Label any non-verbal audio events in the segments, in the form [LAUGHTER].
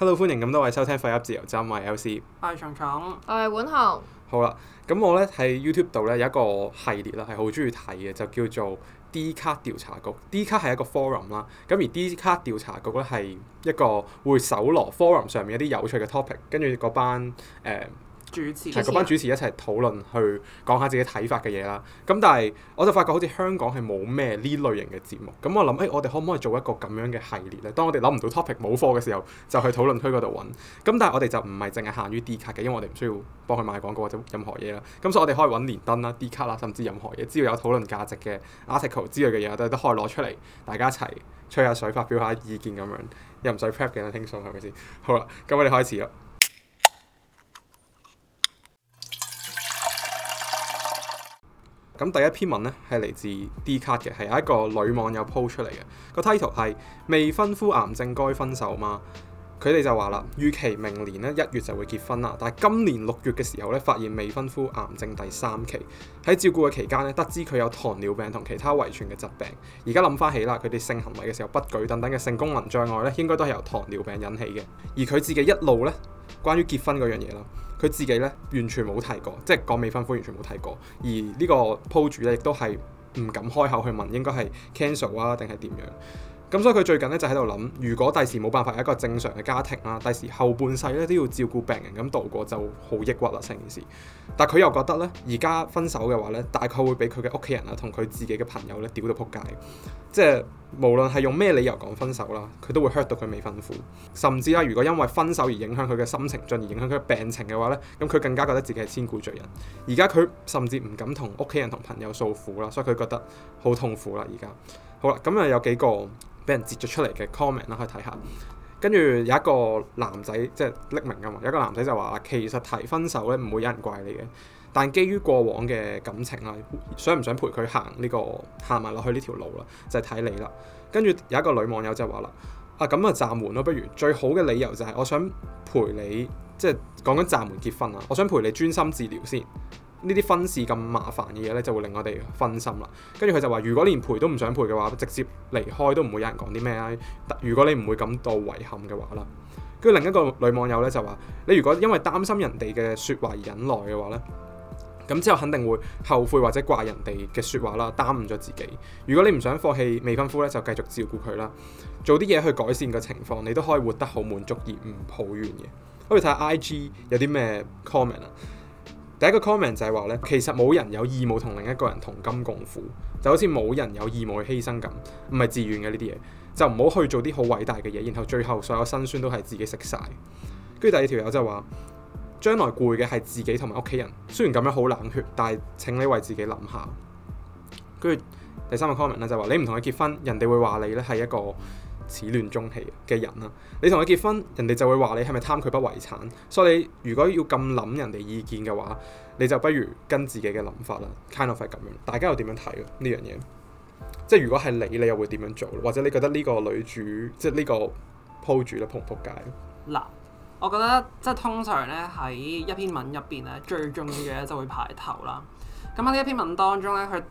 hello，歡迎咁多位收聽廢泣自由站，我係 L C，我係蟲蟲，我係碗豪。好啦，咁我咧喺 YouTube 度咧有一個系列啦，係好中意睇嘅，就叫做 Dcard 調查局。Dcard 係一個 forum 啦，咁而 Dcard 調查局咧係一個會搜羅 forum 上面一啲有趣嘅 topic，跟住嗰班誒。呃主嗰班主持一齊討論，去講下自己睇法嘅嘢啦。咁但係我就發覺好似香港係冇咩呢類型嘅節目。咁我諗，誒、欸、我哋可唔可以做一個咁樣嘅系列咧？當我哋諗唔到 topic 冇貨嘅時候，就去討論區嗰度揾。咁但係我哋就唔係淨係限於 D 卡嘅，因為我哋唔需要幫佢賣廣告或者任何嘢啦。咁所以我哋可以揾連登啦、D 卡啦，甚至任何嘢，只要有討論價值嘅 article 之類嘅嘢，都都可以攞出嚟，大家一齊吹下水、發表下意見咁樣，又唔使 prep 嘅，聽數係咪先？好啦，咁我哋開始啦。咁第一篇文咧，係嚟自 Dcard 嘅，係有一個女網友 po 出嚟嘅，個 title 係未婚夫癌症該分手嗎？佢哋就話啦，預期明年咧一月就會結婚啦，但係今年六月嘅時候咧發現未婚夫癌症第三期，喺照顧嘅期間咧得知佢有糖尿病同其他遺傳嘅疾病，而家諗翻起啦，佢哋性行為嘅時候不舉等等嘅性功能障礙咧，應該都係由糖尿病引起嘅，而佢自己一路咧。關於結婚嗰樣嘢啦，佢自己咧完全冇提過，即係講未婚夫完全冇提過，而個呢個鋪主咧亦都係唔敢開口去問，應該係 cancel 啊定係點樣？咁所以佢最近咧就喺度諗，如果第時冇辦法一個正常嘅家庭啦，啊，第時後半世咧都要照顧病人咁度過就好抑鬱啦成件事。但佢又覺得咧，而家分手嘅話咧，大概會俾佢嘅屋企人啊同佢自己嘅朋友咧屌到撲街。即係無論係用咩理由講分手啦，佢都會 hurt 到佢未婚夫。甚至啦，如果因為分手而影響佢嘅心情，進而影響佢嘅病情嘅話咧，咁佢更加覺得自己係千古罪人。而家佢甚至唔敢同屋企人同朋友訴苦啦，所以佢覺得好痛苦啦而家。好啦，咁又有幾個。俾人截咗出嚟嘅 comment 啦，可以睇下。跟住有一個男仔即係匿名噶嘛，有一個男仔就話啦，其實提分手咧唔會有人怪你嘅，但基於過往嘅感情啦，想唔想陪佢行呢個行埋落去呢條路啦，就係睇你啦。跟住有一個女網友就話啦，啊咁啊暫緩咯，不如最好嘅理由就係我想陪你，即係講緊暫緩結婚啊。我想陪你專心治療先。呢啲婚事咁麻煩嘅嘢咧，就會令我哋分心啦。跟住佢就話：如果連陪都唔想陪嘅話，直接離開都唔會有人講啲咩啦。如果你唔會感到遺憾嘅話啦，跟住另一個女網友咧就話：你如果因為擔心人哋嘅説話而忍耐嘅話咧，咁之後肯定會後悔或者怪人哋嘅説話啦，耽誤咗自己。如果你唔想放棄未婚夫咧，就繼續照顧佢啦，做啲嘢去改善個情況，你都可以活得好滿足而唔抱怨嘅。可以睇下 IG 有啲咩 comment 啊。第一個 comment 就係話咧，其實冇人有義務同另一個人同甘共苦，就好似冇人有義務去犧牲咁，唔係自願嘅呢啲嘢，就唔好去做啲好偉大嘅嘢，然後最後所有辛酸都係自己食晒。跟住第二條友就係話，將來攰嘅係自己同埋屋企人，雖然咁樣好冷血，但係請你為自己諗下。跟住第三個 comment 咧就係話，你唔同佢結婚，人哋會話你咧係一個始亂終棄嘅人啦，你同佢結婚，人哋就會話你係咪貪佢不遺產？所以你如果要咁諗人哋意見嘅話，你就不如跟自己嘅諗法啦。Kind of 係咁樣，大家又點樣睇呢樣嘢？即係如果係你，你又會點樣做？或者你覺得呢個女主即係呢個鋪主咧，撲唔撲街？嗱，我覺得即係通常咧喺一篇文入邊咧，最重要嘅就會排頭啦。咁喺呢一篇文當中咧，佢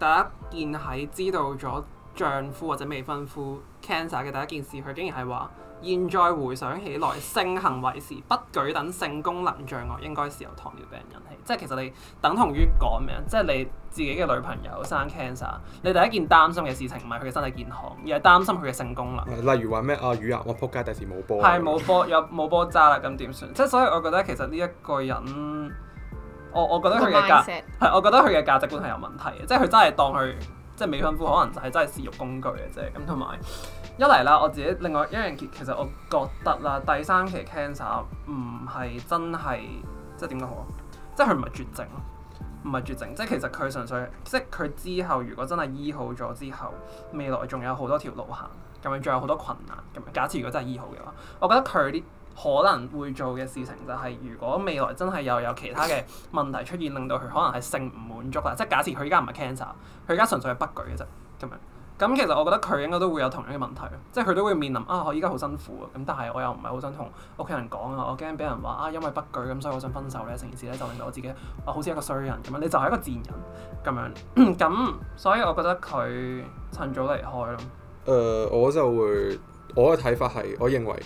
第一件喺知道咗。丈夫或者未婚夫 cancer 嘅第一件事，佢竟然係話現在回想起來，性行為時不舉等性功能障礙，應該是由糖尿病引起。即係其實你等同於講咩？即係你自己嘅女朋友生 cancer，你第一件擔心嘅事情唔係佢嘅身體健康，而係擔心佢嘅性功能。例如話咩啊？雨啊！我仆街第時冇波，係冇波有冇波 [LAUGHS] 渣啦，咁點算？即係所以我覺得其實呢一個人，我我覺得佢嘅價值係，我覺得佢嘅價值觀係有問題嘅，即係佢真係當佢。即係未婚夫可能就係真係洩慾工具嘅啫，咁同埋一嚟啦，我自己另外一樣嘢，其實我覺得啦，第三期 cancer 唔係真係即係點講好啊？即係佢唔係絕症，唔係絕症，即係其實佢純粹即係佢之後如果真係醫好咗之後，未來仲有好多條路行，咁樣仲有好多困難。咁樣假設如果真係醫好嘅話，我覺得佢啲。可能會做嘅事情就係，如果未來真係又有，有其他嘅問題出現，令到佢可能係性唔滿足啦。即係假設佢依家唔係 cancer，佢而家純粹係不舉嘅啫，咁樣。咁其實我覺得佢應該都會有同樣嘅問題，即係佢都會面臨啊，我依家好辛苦啊。咁但係我又唔係好想同屋企人講啊，我驚俾人話啊，因為不舉咁，所以我想分手咧。成件事咧就令到我自己啊，好似一個衰人咁樣。你就係一個賤人咁樣。咁所以我覺得佢趁早離開咯。誒，呃，我就會我嘅睇法係，我認為。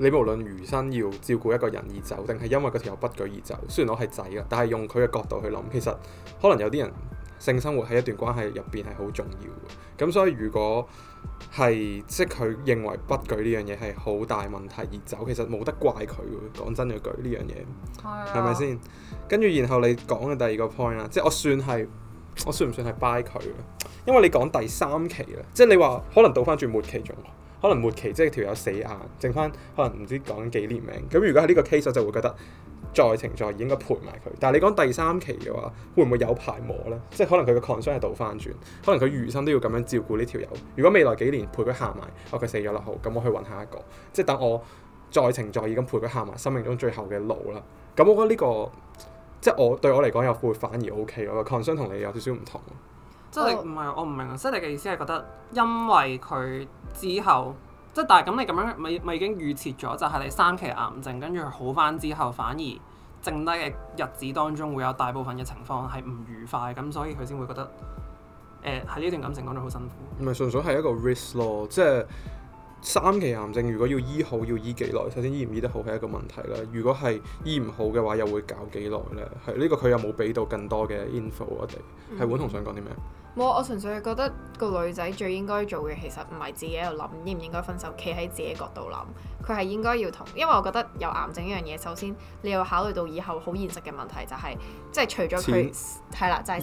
你無論餘生要照顧一個人而走，定係因為嗰條友不舉而走。雖然我係仔啊，但係用佢嘅角度去諗，其實可能有啲人性生活喺一段關係入邊係好重要嘅。咁所以如果係即係佢認為不舉呢樣嘢係好大問題而走，其實冇得怪佢嘅。講真嘅舉呢樣嘢，係咪先？跟住然後你講嘅第二個 point 啊，即係我算係我算唔算係拜佢啊？因為你講第三期啦，即係你話可能到翻轉末期仲。可能末期即係條友死硬，剩翻可能唔知講幾年命。咁如果係呢個 case，我就會覺得在情在義應該陪埋佢。但係你講第三期嘅話，會唔會有排磨呢？即係可能佢嘅 concern 係倒翻轉，可能佢餘生都要咁樣照顧呢條友。如果未來幾年陪佢行埋，哦佢死咗啦，好，咁我去揾下一個，即係等我在情在義咁陪佢行埋生命中最後嘅路啦。咁我覺得呢、呢個即係我對我嚟講又會反而 O、OK, K，我嘅 concern 同你有少少唔同。即係唔係我唔明啊！即係你嘅意思係覺得，因為佢之後即係，但係咁你咁樣咪咪已經預設咗，就係、是、你三期癌症跟住好返之後，反而剩低嘅日子當中會有大部分嘅情況係唔愉快，咁所以佢先會覺得誒喺呢段感情當中好辛苦。唔係純粹係一個 risk 咯，即係。三期癌症如果要醫好要醫幾耐？首先醫唔醫得好係一個問題啦。如果係醫唔好嘅話，又會搞幾耐咧？係呢個佢有冇俾到更多嘅 info 我哋？係碗紅想講啲咩？我、哦、我純粹係覺得個女仔最應該做嘅其實唔係自己喺度諗應唔應該分手，企喺自己角度諗，佢係應該要同，因為我覺得有癌症呢樣嘢，首先你要考慮到以後好現實嘅問題，就係、係、即係除咗佢係啦，就係、係、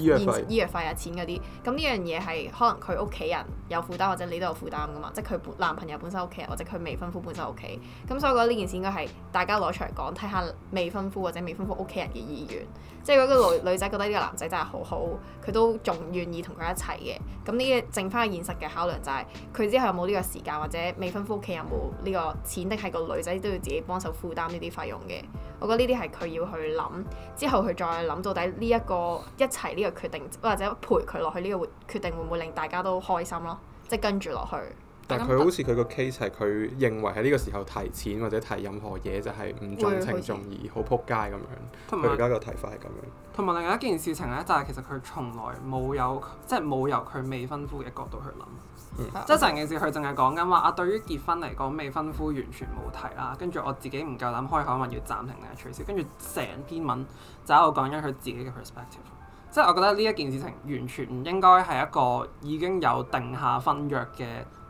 醫，醫藥費啊、錢嗰啲，咁呢樣嘢係可能佢屋企人有負擔，或者你都有負擔噶嘛，即係佢男朋友本身屋企人，或者佢未婚夫本身屋企，咁所以我覺得呢件事應該係大家攞出嚟講，睇下未婚夫或者未婚夫屋企人嘅意願。即係嗰個女女仔覺得呢個男仔真係好好，佢都仲願意同佢一齊嘅。咁呢啲剩翻現實嘅考量就係、是、佢之後有冇呢個時間，或者未婚夫屋企有冇呢個錢，定係個女仔都要自己幫手負擔呢啲費用嘅。我覺得呢啲係佢要去諗，之後佢再諗到底呢、這個、一個一齊呢個決定，或者陪佢落去呢個決定會唔會令大家都開心咯？即係跟住落去。但佢好似佢個 case 係佢認為喺呢個時候提錢或者提任何嘢就係唔重情重義，好撲街咁樣。佢而家個提法係咁樣。同埋另外一件事情咧，就係、是、其實佢從來冇有即係冇由佢未婚夫嘅角度去諗，即係成件事佢淨係講緊話啊。對於結婚嚟講，未婚夫完全冇提啦。跟住我自己唔夠膽開口話要暫停定取消。跟住成篇文就喺度講緊佢自己嘅 perspective。即、就、係、是、我覺得呢一件事情完全唔應該係一個已經有定下婚約嘅。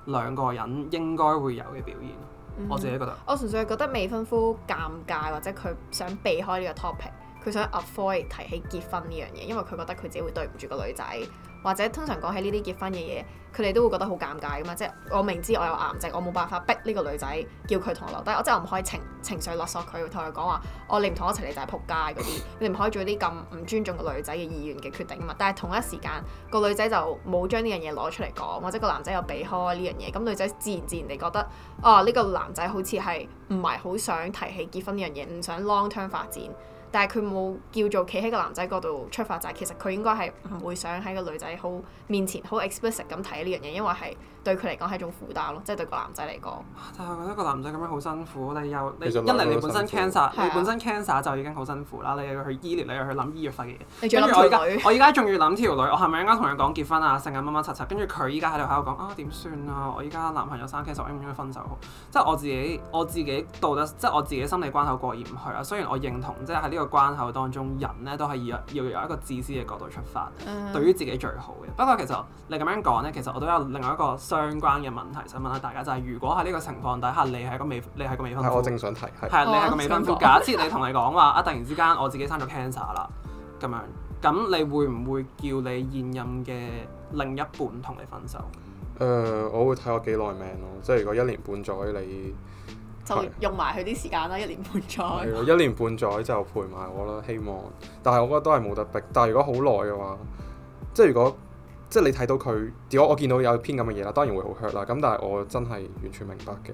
兩個人應該會有嘅表現，嗯、我自己覺得。我純粹係覺得未婚夫尷尬，或者佢想避開呢個 topic，佢想 avoid 提起結婚呢樣嘢，因為佢覺得佢自己會對唔住個女仔。或者通常講起呢啲結婚嘅嘢，佢哋都會覺得好尷尬㗎嘛。即係我明知我有癌症，我冇辦法逼呢個女仔叫佢同我留低。即我真係唔可以情情緒勒索佢，同佢講話：我、哦、你唔同我一齊你就係仆街嗰啲。你唔可以做啲咁唔尊重個女仔嘅意願嘅決定啊嘛。但係同一時間，個女仔就冇將呢樣嘢攞出嚟講，或者個男仔又避開呢樣嘢，咁女仔自然自然地覺得：啊、哦、呢、呢個男仔好似係唔係好想提起結婚呢樣嘢，唔想 long term 發展。但係佢冇叫做企喺個男仔角度出發，就係、是、其實佢應該係唔會想喺個女仔好面前好 explicit 咁睇呢樣嘢，因為係。對佢嚟講係一種負擔咯，即係對個男仔嚟講。但係我覺得個男仔咁樣好辛苦，你又你一嚟你本身 cancer，的你本身 cancer 就已經好辛苦啦，你又要去醫療，你又去諗醫藥費嘅嘢。你仲諗我而家仲要諗條女，我係咪應該同佢講結婚啊？成日掹掹柒柒，跟住佢依家喺度喺度講啊點算啊？我依家男朋友生 cancer，我應唔應該分手好？即係我自己我自己道德即係我自己心理關口過意唔去啦。雖然我認同即係喺呢個關口當中，人咧都係要，要有一個自私嘅角度出發，嗯、對於自己最好嘅。不過其實你咁樣講咧，其實我都有另外一個相關嘅問題，想問下大家，就係、是、如果喺呢個情況底下，你係個未，你係個未婚，係我正想提，係你係個未婚夫。哦、假設你同你講話 [LAUGHS] 啊，突然之間我自己生咗 cancer 啦，咁樣，咁你會唔會叫你現任嘅另一半同你分手？誒、呃，我會睇我幾耐命咯、啊，即係如果一年半載你就用埋佢啲時間啦、啊，一年半載， [LAUGHS] 一年半載就陪埋我啦，希望。但係我覺得都係冇得逼。但係如果好耐嘅話，即係如果。即係你睇到佢，我我見到有篇咁嘅嘢啦，當然會好 hurt 啦。咁但係我真係完全明白嘅。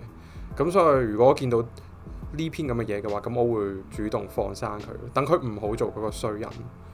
咁所以如果我見到呢篇咁嘅嘢嘅話，咁我會主動放生佢，等佢唔好做嗰個衰人。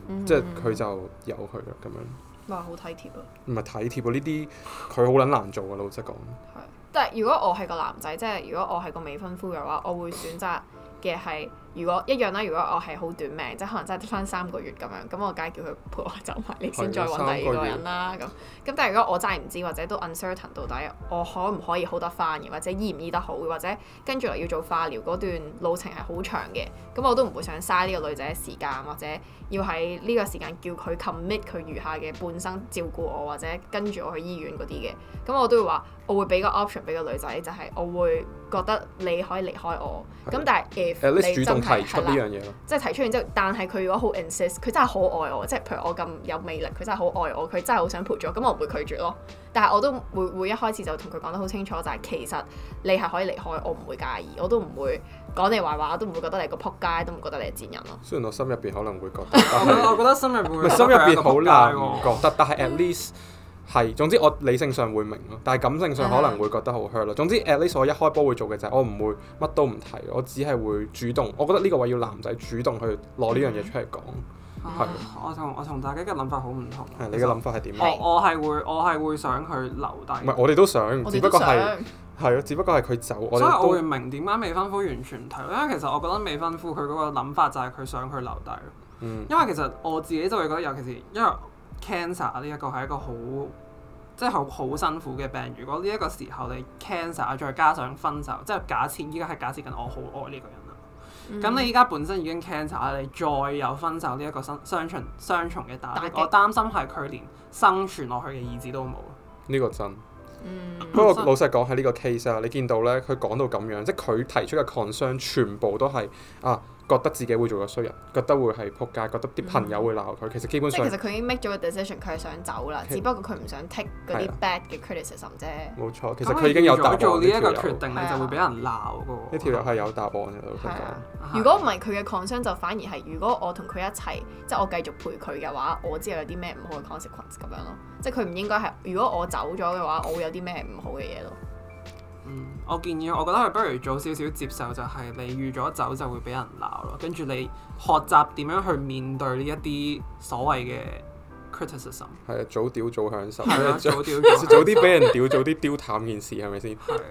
嗯、哼哼，即係佢就有佢啦，咁樣。話好體貼啊，唔係體貼喎，呢啲佢好撚難做噶老實講。係，但係如果我係個男仔，即係如果我係個未婚夫嘅話，我會選擇嘅係。如果一樣啦，如果我係好短命，即係可能真係得翻三個月咁樣，咁我梗係叫佢陪我走埋，你先再揾第二個人啦。咁咁、嗯，但係如果我真係唔知，或者都 uncertain 到底我可唔可以好得翻嘅，或者醫唔醫得好，或者跟住嚟要做化療嗰段路程係好長嘅，咁我都唔會想嘥呢個女仔時間，或者要喺呢個時間叫佢 commit 佢餘下嘅半生照顧我，或者跟住我去醫院嗰啲嘅，咁我都會話，我會俾個 option 俾個女仔，就係、是、我會覺得你可以離開我，咁係嘅但係 if at least 你真提出呢樣嘢咯，即係提出完之後，但係佢如果好 insist，佢真係好愛我，即係譬如我咁有魅力，佢真係好愛我，佢真係好想陪住，咁我唔會拒絕咯。但係我都會會一開始就同佢講得好清楚，就係、係、其實你係可以離開，我唔會介意，我都唔會講你壞話，話，我都唔會覺得你係個撲街，都唔覺得你係賤人咯。雖然我心入邊可能會覺得，但 [LAUGHS] 我覺得心入邊唔心入邊好難覺得，但係 at least。 [LAUGHS] 係，總之我理性上會明咯，但係感性上可能會覺得好 hurt 咯。總之，at least Yeah .我一開波會做嘅就係我唔會乜都唔提，我只係會主動。我覺得呢個位要男仔主動去攞呢樣嘢出嚟講。係、uh, 是，我同我同大家嘅諗法好唔同。你嘅諗法係點樣？我我係會我係會想佢留低。唔係，我哋都想，只不過係係啊，只不過係佢走。所以我會明點解未婚夫完全睇，因為其實我覺得未婚夫佢嗰個諗法就係佢想佢留低。嗯，因為其實我自己就會覺得尤其是。因為。cancer 呢一個係一個好，即係好好辛苦嘅病。如果呢一個時候你 cancer，再加上分手，即係假設依家係假設緊我好愛呢個人啦。咁、嗯、你依家本身已經 cancer，你再有分手呢一個生雙，雙重雙重嘅打，打擊，但我擔心係佢連生存落去嘅意志都冇。呢個真，不過、嗯、老實講喺呢個 case 啊，你見到咧，佢講到咁樣，即係佢提出嘅 concern 全部都係啊。覺得自己會做個衰人，覺得會係撲街，覺得啲朋友會鬧佢。其實基本上即係其實佢已經 make 咗個 decision，佢係想走啦，只不過佢唔想 take 嗰啲 bad 嘅 criticism 啫。冇錯，其實佢已經有答案嘅。做呢一個決定，你就會俾人鬧噶。呢條友係有答案嘅咯。如果唔係佢嘅 concern，就反而係如果我同佢一齊，即係我繼續陪佢嘅話，我之後有啲咩唔好嘅 consequence 咁樣咯。即係佢唔應該係，如果我走咗嘅話，我會有啲咩唔好嘅嘢咯。嗯，我建議，我覺得佢不如早少少接受，就係你預咗走就會俾人鬧咯，跟住你學習點樣去面對呢一啲所謂嘅 criticism。係啊，早屌早享受，係 [LAUGHS] 啊，早屌吵， [LAUGHS] 早啲俾人屌，早啲丟淡件事，係咪先？係是。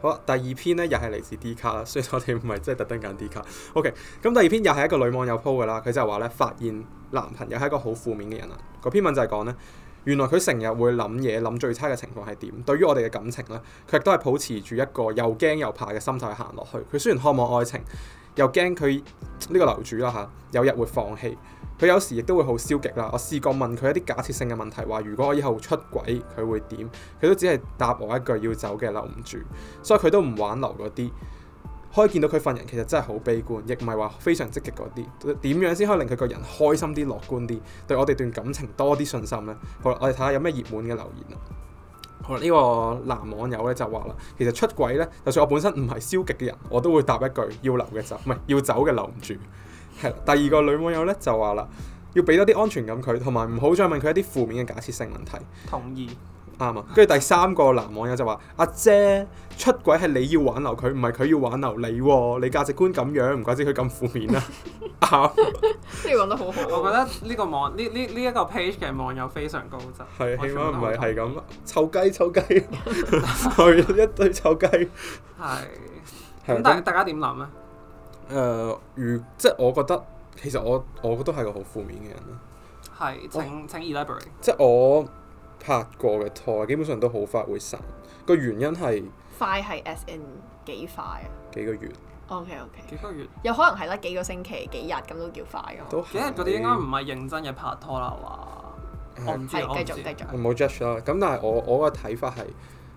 好啦，第二篇呢，又係嚟自 D 卡啦，雖然我哋唔係真係特登揀 D 卡。OK，咁第二篇又係一個女網友 po 噶啦，佢就係話咧發現男朋友係一個好負面嘅人啦。嗰篇文就係講呢。原來佢成日會諗嘢，諗最差嘅情況係點。對於我哋嘅感情咧，佢都係抱持住一個又驚又怕嘅心態行落去。佢雖然渴望愛情，又驚佢呢個樓主啦嚇、啊、有日會放棄。佢有時亦都會好消極啦。我試過問佢一啲假設性嘅問題，話如果我以後出軌，佢會點？佢都只係答我一句要走嘅留唔住，所以佢都唔挽留嗰啲。可以見到佢份人其實真係好悲觀，亦唔係話非常積極嗰啲。點樣先可以令佢個人開心啲、樂觀啲，對我哋段感情多啲信心呢？好啦，我哋睇下有咩熱門嘅留言啦。好啦，呢個男網友咧就話啦，其實出軌呢，就算我本身唔係消極嘅人，我都會答一句：要留嘅就唔係要走嘅留唔住。係啦，第二個女網友呢就話啦，要俾多啲安全感佢，同埋唔好再問佢一啲負面嘅假設性問題。同意。跟住、嗯、第三個男網友就話：阿姐出軌係你要挽留佢，唔係佢要挽留你，啊。你價值觀咁樣，唔怪之佢咁負面啦。啱，你講得好好。我覺得呢個網呢呢呢一個 page 嘅網友非常高質。係，起碼唔係係咁臭雞臭雞，係 [LAUGHS] 一堆臭雞。係。咁但大家點諗咧？誒、uh，如即係我覺得，其實我我覺得係個好負面嘅人咯。係，請請 elaborate。即係我。拍過嘅拖基本上都好快會散，個原因係快係 S N 幾快啊？幾個月？OK OK，幾個月？有可能係啦，幾個星期、幾日咁都叫快㗎，都幾日嗰啲應該唔係認真嘅拍拖啦喎。我唔知，繼續繼續。唔好 judge 啦。咁但係我我個睇法係，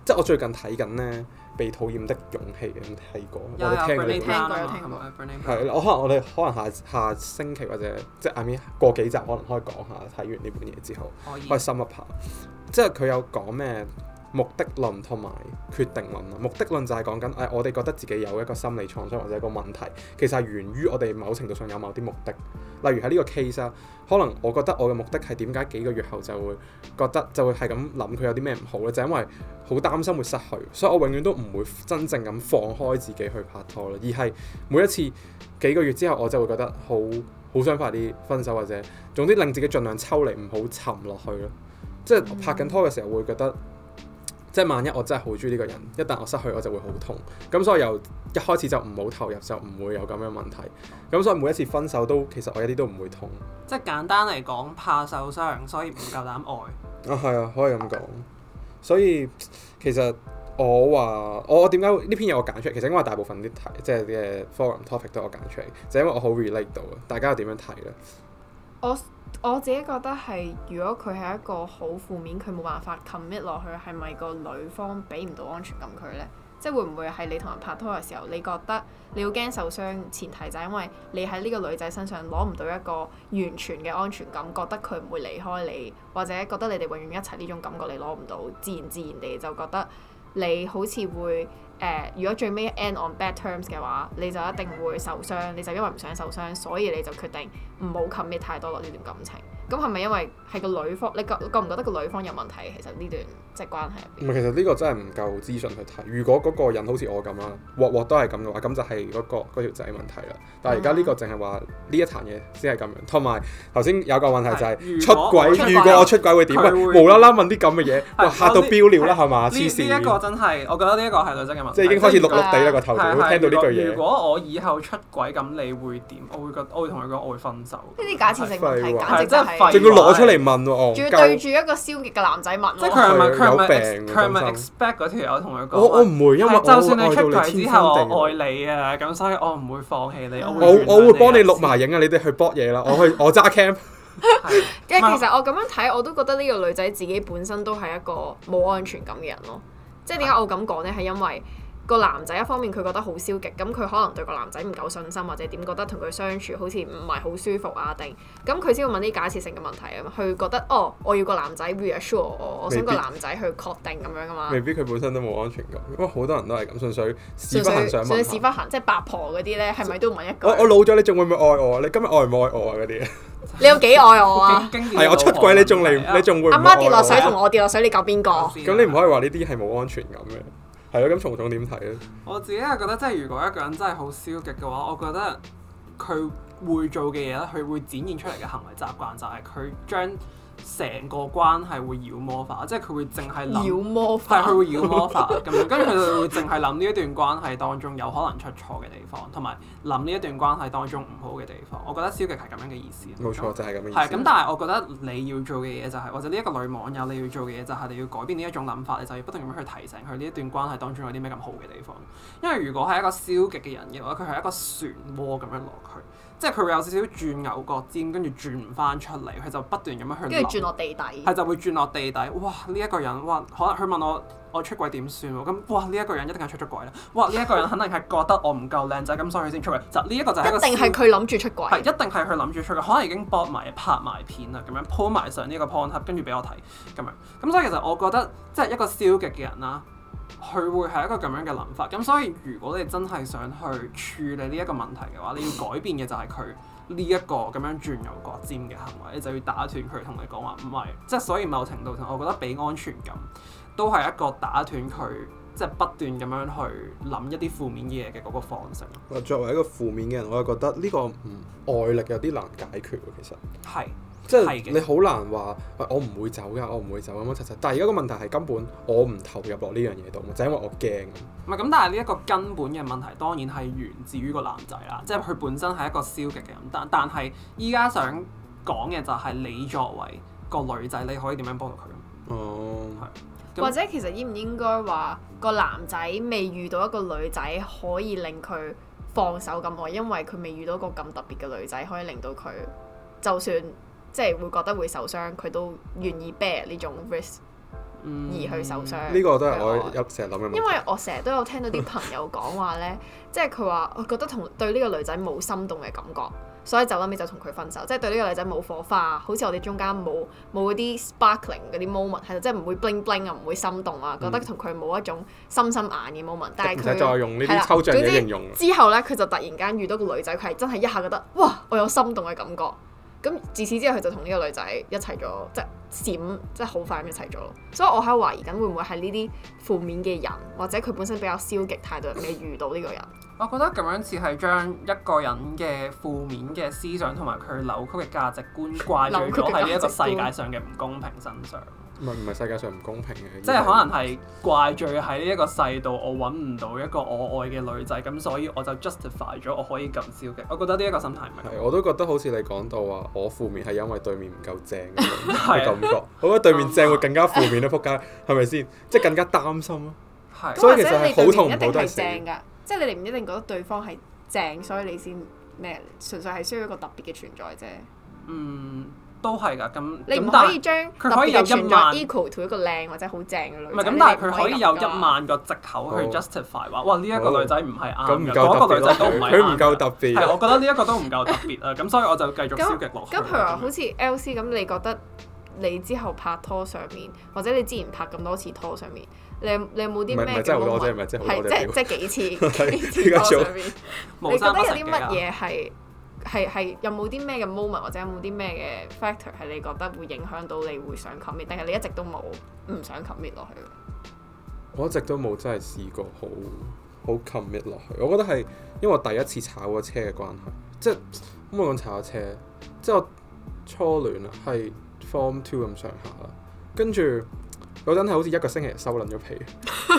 即係我最近睇緊咧《被討厭的勇氣》，有冇睇過？有有。未聽過，聽過冇？係，我可能我哋可能下下星期或者即係 I mean 過幾集，可能可以講下睇完呢本嘢之後，可以深入下。即係佢有講咩目的論同埋決定論啊？目的論就係講緊誒，我哋覺得自己有一個心理創傷或者一個問題，其實係源於我哋某程度上有某啲目的。例如喺呢個 case 可能我覺得我嘅目的係點解幾個月後就會覺得就會係咁諗佢有啲咩唔好咧？就因為好擔心會失去，所以我永遠都唔會真正咁放開自己去拍拖咯，而係每一次幾個月之後，我就會覺得好好想快啲分手或者總之令自己盡量抽離，唔好沉落去咯。即係拍緊拖嘅時候會覺得，即係萬一我真係好中意呢個人，一旦我失去我就會好痛。咁所以由一開始就唔好投入，就唔會有咁樣問題。咁所以每一次分手都其實我一啲都唔會痛。即係簡單嚟講，怕受傷，所以唔夠膽愛。 [LAUGHS] 啊，係啊，可以咁講。所以其實我話我點解呢篇嘢我揀出嚟？其實因為大部分啲題即係啲嘅 forum topic 都我揀出嚟，就因為我好 relate 到啊。大家又點樣睇咧？我我自己覺得係，如果佢係一個好負面，佢冇辦法 commit 落去，係咪個女方俾唔到安全感佢呢？即係會唔會係你同人拍拖嘅時候，你覺得你要驚受傷，前提就係因為你喺呢個女仔身上攞唔到一個完全嘅安全感，覺得佢唔會離開你，或者覺得你哋永遠一齊呢種感覺你攞唔到，自然自然地就覺得你好似會。誒，uh, 如果最尾 end on bad terms 嘅話，你就一定會受傷，你就因為唔想受傷，所以你就決定唔好 commit 太多落呢段感情。咁係咪因為係個女方？你覺覺唔覺得個女方有問題？其實呢段即係關係。唔係，其實呢個真係唔夠資訊去睇。如果嗰個人好似我咁啦，鑊鑊都係咁嘅話，咁就係嗰個條仔問題啦。但係而家呢個淨係話呢一壇嘢先係咁樣。同埋頭先有個問題就係出軌，如果我出軌會點？無啦啦問啲咁嘅嘢，嚇到飆尿啦係嘛？痴線。呢一個真係，我覺得呢一個係女仔嘅問題。即係已經開始綠綠地啦個頭，會聽到呢句嘢。如果我以後出軌咁，你會點？我會覺，我會同佢講，我會分手。呢啲假設性問題，簡直真係～仲要攞出嚟問喎，仲要對住一個消極嘅男仔問。即係佢係咪佢咪佢係 expect 嗰條友同佢講？我我唔會，因為就算你出軌之後，我愛你啊！咁所以，我唔會放棄你。我我會幫你錄埋影啊！你哋去搏嘢啦，我去我揸 cam。即係其實我咁樣睇，我都覺得呢個女仔自己本身都係一個冇安全感嘅人咯。即係點解我咁講呢？係因為。個男仔一方面佢覺得好消極，咁佢可能對個男仔唔夠信心，或者點覺得同佢相處好似唔係好舒服啊？定咁佢先會問啲假設性嘅問題啊？嘛，佢覺得哦，我要個男仔 reassure 我，我想個男仔去確定咁樣噶嘛？未必佢本身都冇安全感，因為好多人都係咁，純粹屎忽痕，純粹屎忽痕即係八婆嗰啲咧，係咪都唔問一個，我老咗，你仲會唔會愛我？你今日愛唔愛我啊？嗰啲，你有幾愛我啊？係我出軌，你仲你你仲會阿媽跌落水同我跌落水，你救邊個？咁你唔可以話呢啲係冇安全感嘅。係咯，咁曹總點睇咧？呢，我自己係覺得，即係如果一個人真係好消極嘅話，我覺得佢會做嘅嘢咧，佢會展現出嚟嘅行為習慣就係、是、佢將。成個關係會妖魔化，即係佢會淨係諗，係佢會妖魔化咁樣，跟住佢哋會淨係諗呢一段關係當中有可能出錯嘅地方，同埋諗呢一段關係當中唔好嘅地方。我覺得消極係咁樣嘅意思。冇錯，嗯、就係咁樣。係咁，但係我覺得你要做嘅嘢就係、是，或者呢一個女網友你要做嘅嘢就係，你要改變呢一種諗法，你就要不斷咁樣去提醒佢呢一段關係當中有啲咩咁好嘅地方。因為如果係一個消極嘅人嘅話，佢係一個漩渦咁樣落去。即係佢會有少少轉牛角尖，跟住轉唔翻出嚟，佢就不斷咁樣去。跟住轉落地底。係就會轉落地底。哇！呢一個人哇，可能佢問我我出軌點算？咁哇！呢一個人一定係出咗軌啦。哇！呢一個人肯定係覺得我唔夠靚仔，咁所以先出軌。就呢一個就係一定係佢諗住出軌。係一定係佢諗住出軌，可能已經博埋拍埋片啦，咁樣鋪埋上呢一個 point 跟住俾我睇咁樣。咁所以其實我覺得即係一個消極嘅人啦。佢會係一個咁樣嘅諗法，咁所以如果你真係想去處理呢一個問題嘅話，你要改變嘅就係佢呢一個咁樣轉右角尖嘅行為，你就要打斷佢，同佢講話唔係，即係所以某程度上，我覺得俾安全感都係一個打斷佢，即係不斷咁樣去諗一啲負面嘢嘅嗰個方式。作為一個負面嘅人，我又覺得呢個外力有啲難解決喎，其實。係。即係你好難話喂，我唔會走㗎，我唔會走咁樣，但係而家個問題係根本我唔投入落呢樣嘢度，就係、是、因為我驚。咁，但係呢一個根本嘅問題當然係源自於個男仔啦，即係佢本身係一個消極嘅人。但但係依家想講嘅就係你作為個女仔，你可以點樣幫到佢？哦，或者其實應唔應該話個男仔未遇到一個女仔可以令佢放手咁耐，因為佢未遇到個咁特別嘅女仔可以令到佢就算。即係會覺得會受傷，佢都願意 bear 呢種 risk 而去受傷。呢個都係我有成日諗嘅問題。因為我成日都有聽到啲朋友講話咧， [LAUGHS] 即係佢話我覺得同對呢個女仔冇心動嘅感覺，所以就諗尾就同佢分手。即係對呢個女仔冇火花，好似我哋中間冇冇嗰啲 sparkling 嗰啲 moment，係真係唔會 bling bling 啊，唔會心動啊，嗯、覺得同佢冇一種心心眼嘅 moment。但係佢係啦，總之之後咧，佢 [LAUGHS] 就突然間遇到個女仔，佢係真係一下覺得哇，我有心動嘅感覺。咁自此之後，佢就同呢個女仔一齊咗，即係閃，即係好快咁一齊咗。所以，我喺度懷疑緊會唔會係呢啲負面嘅人，或者佢本身比較消極態度，未遇到呢個人。我覺得咁樣似係將一個人嘅負面嘅思想同埋佢扭曲嘅價值觀，掛住喺呢一個世界上嘅唔公平身上。唔係世界上唔公平嘅，即係可能係怪罪喺呢一個世道，我揾唔到一個我愛嘅女仔，咁所以我就 justify 咗我可以咁消極嘅。我覺得呢一個心態唔係。我都覺得好似你講到話，我負面係因為對面唔夠正嘅 [LAUGHS] 感覺，我覺得 [LAUGHS] 對面正會更加負面咯，仆街， [LAUGHS] 係咪先？即係更加擔心咯。 [LAUGHS] 是所以其實同同你好痛、一定係正㗎， [LAUGHS] 即係你哋唔一定覺得對方係正，所以你先咩？純粹係需要一個特別嘅存在啫。嗯。都係㗎，咁你唔可以將佢可以有一萬 equal 同一個靚或者好正嘅女，唔係咁，但係佢可以有一萬個藉口去 justify 話，哇呢一個女仔唔係啱嘅，嗰個女仔都唔係啱佢，唔夠特別。係，我覺得呢一個都唔夠特別啊，咁所以我就繼續消極落去。咁譬如話，好似 L C 咁，你覺得你之後拍拖上面，或者你之前拍咁多次拖上面，你你有冇啲咩？唔係真係好多，係即係即係幾次拖上面，幾啊。你覺得有啲乜嘢係？係係，有冇啲咩嘅 moment 或者有冇啲咩嘅 factor 係你覺得會影響到你會想 commit，但係你一直都冇唔想 commit 落去。我一直都冇真係試過好好 commit 落去。我覺得係因為我第一次炒咗車嘅關係，即係咁我講炒咗車，即係我初戀啊，係 form two 咁上下啦，跟住嗰陣係好似一個星期收捻咗皮，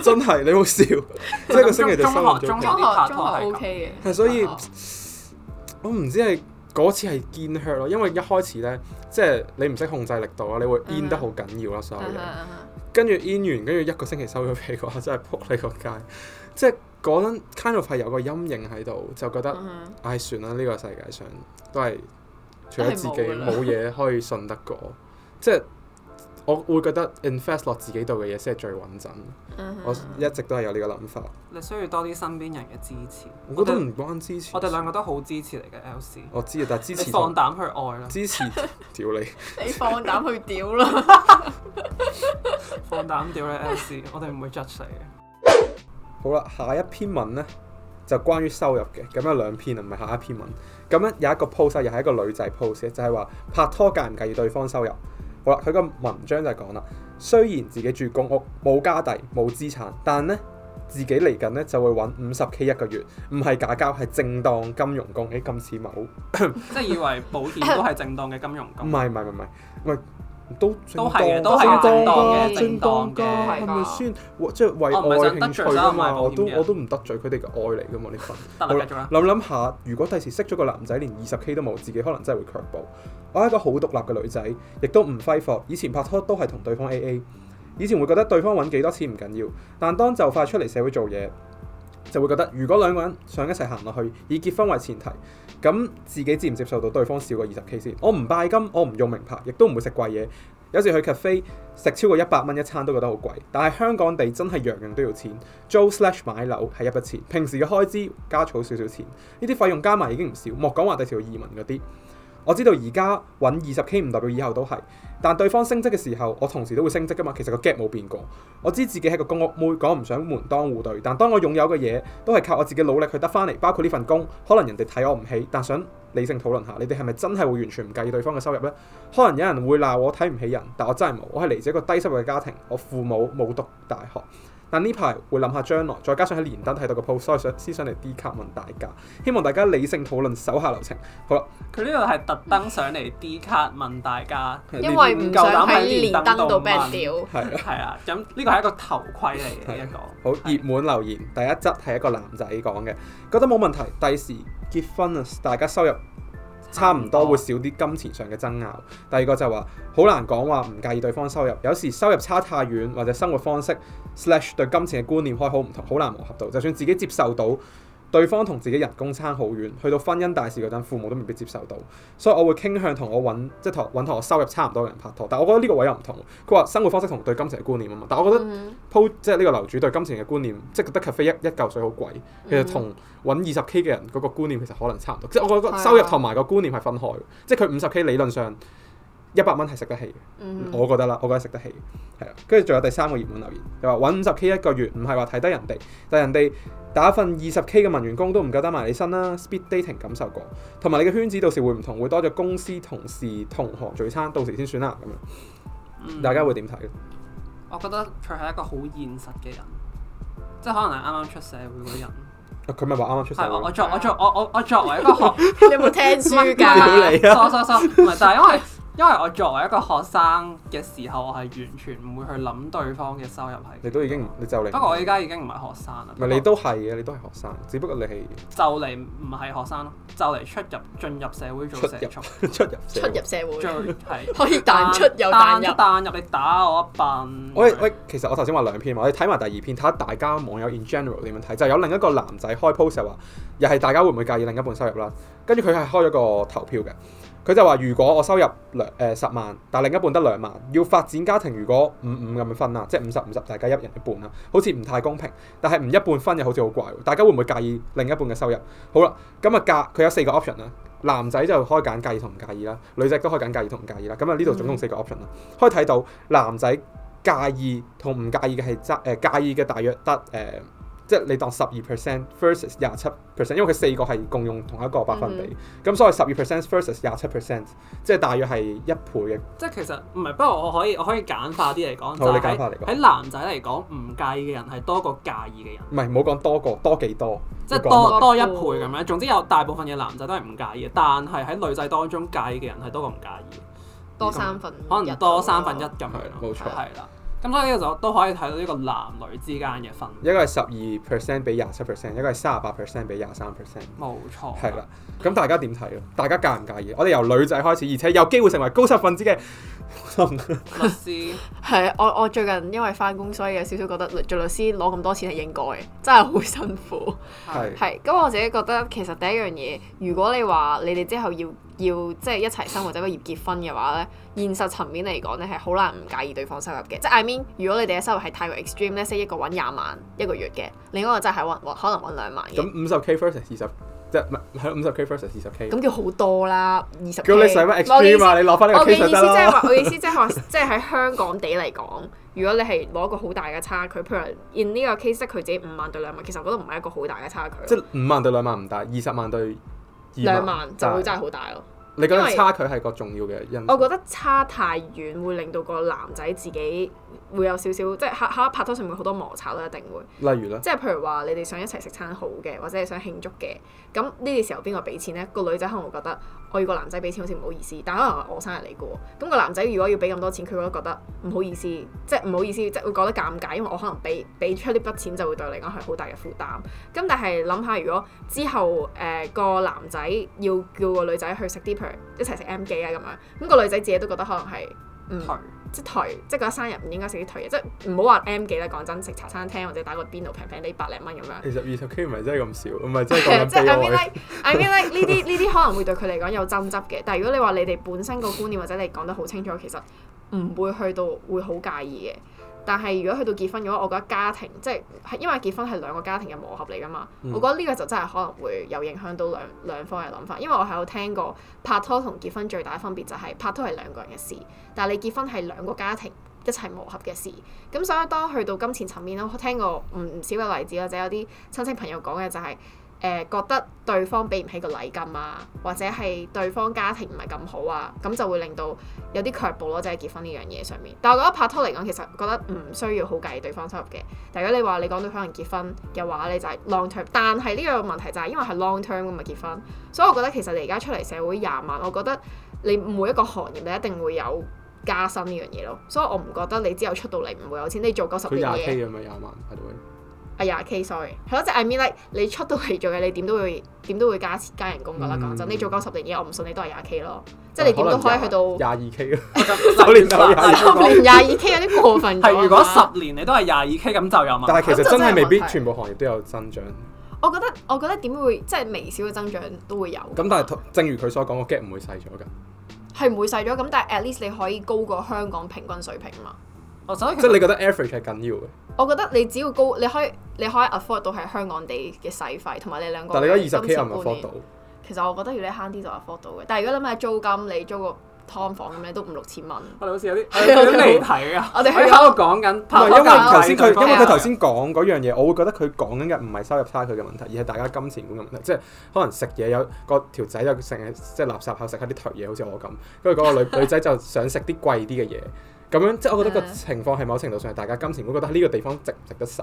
真係你好笑，即係一個星期就收捻咗皮中學，中學 OK 嘅，係所以。 [LAUGHS] [LAUGHS] 我唔知係嗰次係堅 hurt 咯，因為一開始咧，即係你唔識控制力度啦，你會 in 得好緊要啦，mm hmm. 所有嘢。Mm hmm. 跟住 in 完，跟住一個星期收咗皮嘅話，真係撲你個街！即係嗰陣 kind of 係有個陰影喺度，就覺得唉、mm hmm. 哎，算啦，呢、這個世界上都係除咗自己冇嘢可以信得過， [LAUGHS] 即係。我會覺得 invest 落自己度嘅嘢先係最穩陣。嗯、哼我一直都係有呢個諗法。你需要多啲身邊人嘅支持。我覺得唔關支持。我哋兩個都好支持你嘅，L C。我知啊，但係支持。放膽去愛啦！支持屌你！你放膽去屌啦！放膽屌你，L C！我哋唔會 judge 你嘅。好啦，下一篇文咧就關於收入嘅。咁有兩篇，唔係下一篇文。咁樣有一個 post 又係一個女仔 post，就係話拍拖介唔介意對方收入？好啦，佢個文章就係講啦，雖然自己住公屋，冇家底，冇資產，但咧自己嚟緊咧就會揾五十 K 一個月，唔係假交，係正當金融工。咦、欸，咁似某， [LAUGHS] 即係以為保險都係正當嘅金融工。唔係唔係唔係，唔係。都正當，都係要正當嘅，正當嘅，係咪先？即係為、啊、愛興趣啊嘛我！我都我都唔得罪佢哋嘅愛嚟噶嘛！你諗諗諗下，如果第時識咗個男仔連二十 K 都冇，自己可能真係會卻步。我係一個好獨立嘅女仔，亦都唔揮霍。以前拍拖都係同對方 A A，以前會覺得對方揾幾多錢唔緊要，但當就快出嚟社會做嘢，就會覺得如果兩個人想一齊行落去，以結婚為前提。咁自己接唔接受到對方少過二十 K 先？我唔拜金，我唔用名牌，亦都唔會食貴嘢。有時去 cafe 食超過一百蚊一餐都覺得好貴。但係香港地真係樣樣都要錢，租/買樓係一筆錢。平時嘅開支加儲少少錢，呢啲費用加埋已經唔少。莫講話第時去移民嗰啲。我知道而家揾二十 K 唔代表以後都係，但對方升職嘅時候，我同時都會升職噶嘛。其實個 gap 冇變過。我知自己係個公屋妹，講唔上門當戶對，但當我擁有嘅嘢都係靠我自己努力去得翻嚟，包括呢份工，可能人哋睇我唔起，但想理性討論下，你哋係咪真係會完全唔計對方嘅收入呢？可能有人會鬧我睇唔起人，但我真係冇，我係嚟自一個低收入嘅家庭，我父母冇讀大學。但呢排會諗下將來，再加上喺連登睇到個 post，所以想先上嚟 D 卡問大家，希望大家理性討論，手下留情。好啦，佢呢度係特登上嚟 D 卡問大家， [LAUGHS] 因為唔夠膽喺連登度問。係係啊，咁呢、 [LAUGHS] 啊這個係一個頭盔嚟嘅一個好、啊、熱門留言。第一則係一個男仔講嘅，覺得冇問題，第時結婚啊，fairness，大家收入。差唔多會少啲金錢上嘅爭拗。第二個就係話好難講話唔介意對方收入，有時收入差太遠或者生活方式 slash 對金錢嘅觀念開好唔同，好難磨合到。就算自己接受到，對方同自己人工差好遠，去到婚姻大事嗰陣，父母都未必接受到，所以我會傾向同我揾即係揾同我收入差唔多嘅人拍拖。但係我覺得呢個位又唔同。佢話生活方式同對金錢嘅觀念啊嘛，但係我覺得 po、mm hmm. 即係呢個樓主對金錢嘅觀念，即係覺得 cafe 一一嚿水好貴，mm hmm. 其實同揾二十 k 嘅人嗰個觀念其實可能差唔多。Mm hmm. 即係我覺得收入同埋個觀念係分開，mm hmm. 即係佢五十 k 理論上。一百蚊係食得起嘅，嗯、我覺得啦，我覺得食得起嘅，係啦。跟住仲有第三個熱門留言，就話揾五十 K 一個月，唔係話睇低人哋，但人哋打份二十 K 嘅文員工都唔夠得埋你身啦。Speed dating 感受過，同埋你嘅圈子到時會唔同，會多咗公司同事同學聚餐，到時先算啦。咁樣、嗯、大家會點睇？我覺得佢係一個好現實嘅人，即係可能係啱啱出社會嘅人。佢咪話啱啱出社會？係啊， [LAUGHS] [LAUGHS] [LAUGHS] 我作我作我我我作為一個學， [LAUGHS] 你有冇聽書㗎？收收唔係，但係因為。 [LAUGHS] [LAUGHS] 因為我作為一個學生嘅時候，我係完全唔會去諗對方嘅收入係。你都已經唔，你就嚟。不過我依家已經唔係學生啦。唔係你都係嘅，你都係、啊、學生，只不過你係就嚟唔係學生咯，就嚟出入進入社會做社畜，出入出入社會,入社會最係可以彈出又彈入，彈,彈,彈入,彈入你打我一棒。喂喂，okay, like, 其實我頭先話兩篇嘛，我哋睇埋第二篇，睇下大家網友 in general 點樣睇。就係、有另一個男仔開 post 就話，又係大家會唔會介意另一半收入啦？跟住佢係開咗個投票嘅。佢就話：如果我收入兩誒十萬，但係另一半得兩萬，要發展家庭，如果五五咁樣分啊，即係五十五十，大家一人一半啊，好似唔太公平。但係唔一半分又好似好怪，大家會唔會介意另一半嘅收入？好啦，咁啊，價佢有四個 option 啦。男仔就可以揀介意同唔介意啦，女仔都可以揀介意同唔介意啦。咁啊，呢度總共四個 option 啦，嗯、可以睇到男仔介意同唔介意嘅係爭誒介意嘅大約得誒。呃即係你當十二 percent versus 廿七 percent，因為佢四個係共用同一個百分比，咁所謂十二 percent versus 廿七 percent，即係大約係一倍嘅。即係其實唔係，不過我可以我可以簡化啲嚟講，就喺喺男仔嚟講唔介意嘅人係多過介意嘅人。唔係，唔好講多過多幾多，即係多多一倍咁樣。總之有大部分嘅男仔都係唔介意嘅，但係喺女仔當中介意嘅人係多過唔介意，多三分，可能多三分一咁樣。冇錯，係啦。咁所以其實都可以睇到呢個男女之間嘅分，一個係十二 percent 比廿七 percent，一個係卅八 percent 比廿三 percent。冇錯啊。係啦，咁大家點睇咯？大家介唔介意？我哋由女仔開始，而且有機會成為高級分子嘅 [LAUGHS] 律師。係啊， [LAUGHS] 我我最近因為翻工，所以有少少覺得做律師攞咁多錢係應該嘅，真係好辛苦。係是。係，咁我自己覺得其實第一樣嘢，如果你話你哋之後要。要即係一齊生活，或者要結婚嘅話咧，現實層面嚟講咧，係好難唔介意對方收入嘅。即係 I mean，如果你哋嘅收入係太過 extreme 咧，即係一個揾廿萬一個月嘅，另一個真係可能揾兩萬咁，五十 k first，二十即係五十 k first 定二十 k？咁叫好多啦，二十。叫你使乜 e x t 你攞翻呢個 c，意思即係話，我嘅意思即係話，即係喺香港地嚟講，如果你係攞一個好大嘅差距，譬如 in 呢個 case，佢自己五萬對兩萬，其實我得唔係一個好大嘅差距。即係五萬對兩萬唔大，二十萬對。兩萬但就會真係好大咯。喔！你覺得差距係個重要嘅因素？因為我覺得差太遠會令到個男仔自己會有少少，即係喺喺拍拖上面好多摩擦咯，一定會。例如咧，即係譬如話，你哋想一齊食餐好嘅，或者係想慶祝嘅，咁呢個時候邊個俾錢咧？個女仔可能會覺得。我要個男仔俾錢好似唔好意思，但可能我生日嚟嘅，咁個男仔如果要俾咁多錢，佢都覺得唔好意思，即係唔好意思，即係會覺得尷尬，因為我可能俾俾出呢筆錢就會對我嚟講係好大嘅負擔。咁但係諗下，如果之後誒、呃、個男仔要叫個女仔去食啲，譬如一齊食 M 記啊咁樣，咁個女仔自己都覺得可能係。頹即係頹，即係覺得生日唔應該食啲頹嘢，即係唔好話 M 記啦。講真，食茶餐廳或者打個邊爐平平地百零蚊咁樣。 [MUSIC] 其實二十 K 唔係真係咁少，唔係真係講得 I mean like I mean like 呢啲呢啲可能會對佢嚟講有爭執嘅，但係如果你話你哋本身個觀念或者你講得好清楚，其實唔會去到會好介意嘅。但係如果去到結婚嘅話，我覺得家庭即係因為結婚係兩個家庭嘅磨合嚟㗎嘛，嗯、我覺得呢個就真係可能會有影響到兩兩方嘅諗法，因為我係有聽過拍拖同結婚最大分別就係、是、拍拖係兩個人嘅事，但係你結婚係兩個家庭一齊磨合嘅事，咁所以當去到金錢層面，我聽過唔唔少嘅例子，或者有啲親戚朋友講嘅就係、是。誒、呃、覺得對方俾唔起個禮金啊，或者係對方家庭唔係咁好啊，咁就會令到有啲卻步咯，即係結婚呢樣嘢上面。但係我覺得拍拖嚟講，其實覺得唔需要好計對方收入嘅。但如果你話你講到可能結婚嘅話，你就係 long term。但係呢個問題就係因為係 long term 咁咪結婚，所以我覺得其實你而家出嚟社會廿萬，我覺得你每一個行業你一定會有加薪呢樣嘢咯。所以我唔覺得你之後出到嚟唔會有錢。你做夠十年，佢廿、嗯係廿 k，sorry，係咯，即係 I mean like 你出到嚟做嘅，你點都會點都會加加人工噶啦，講真，你做夠十年嘢，我唔信你都係廿 k 咯，即係你點都可以去到廿二 k，十年就廿二，十年廿二 k 有啲過分。係如果十年你都係廿二 k，咁就有問題。但係其實真係未必全部行業都有增長。我覺得我覺得點會即係微小嘅增長都會有。咁但係正如佢所講，個 gap 唔會細咗噶，係唔會細咗，咁但係 at least 你可以高過香港平均水平嘛。即係你覺得 average 係緊要嘅？我覺得你只要高，你可以你可以 afford 到喺香港地嘅使費，同埋你兩個。但你覺得二十 K 係咪 afford 到？其實我覺得要你慳啲就 afford 到嘅，但係如果諗下租金，你租個劏房咁咧都五六千蚊。我哋好似有啲 [LAUGHS] 離題啊！ [LAUGHS] 我哋喺度講緊， [LAUGHS] 因為頭先佢因為佢頭先講嗰樣嘢，我會覺得佢講緊嘅唔係收入差距嘅問題，而係大家金錢觀嘅問題。即係可能食嘢有個條仔又成日即係垃圾口食下啲頹嘢，好似我咁。跟住嗰個女 [LAUGHS] 女仔就想食啲貴啲嘅嘢。咁樣即係我覺得個情況係某程度上係大家金錢會覺得呢個地方值唔值得使，